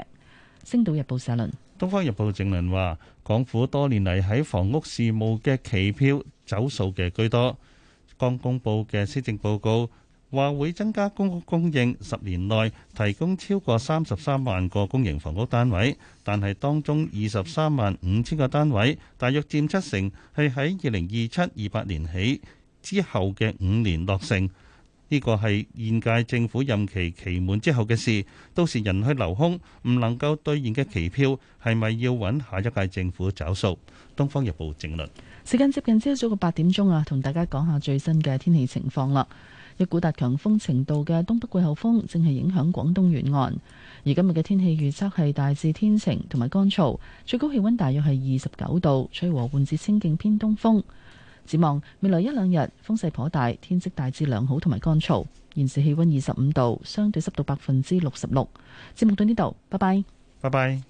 星島日報社論，東方日報正論話，港府多年嚟喺房屋事務嘅期票走數嘅居多。剛公佈嘅施政報告話，會增加公屋供應，十年內提供超過三十三萬個公營房屋單位，但係當中二十三萬五千個單位，大約佔七成係喺二零二七、二八年起，之後嘅五年落成，呢個係現屆政府任期期滿之後嘅事。到時人去樓空，唔能夠兌現嘅期票，係咪要揾下一屆政府找數？《東方日報》政論。時間接近朝早嘅八點鐘啊，同大家講下最新嘅天氣情況啦。一股達強風程度嘅東北季候風正係影響廣東沿岸，而今日嘅天氣預測係大致天晴同埋乾燥，最高氣溫大約係二十九度，吹和緩至清勁偏東風。展望未來一兩日，風勢頗大，天色大致良好，同埋乾燥。現時氣溫二十五度，相對濕度百分之六十六。節目到呢度，拜拜。拜拜。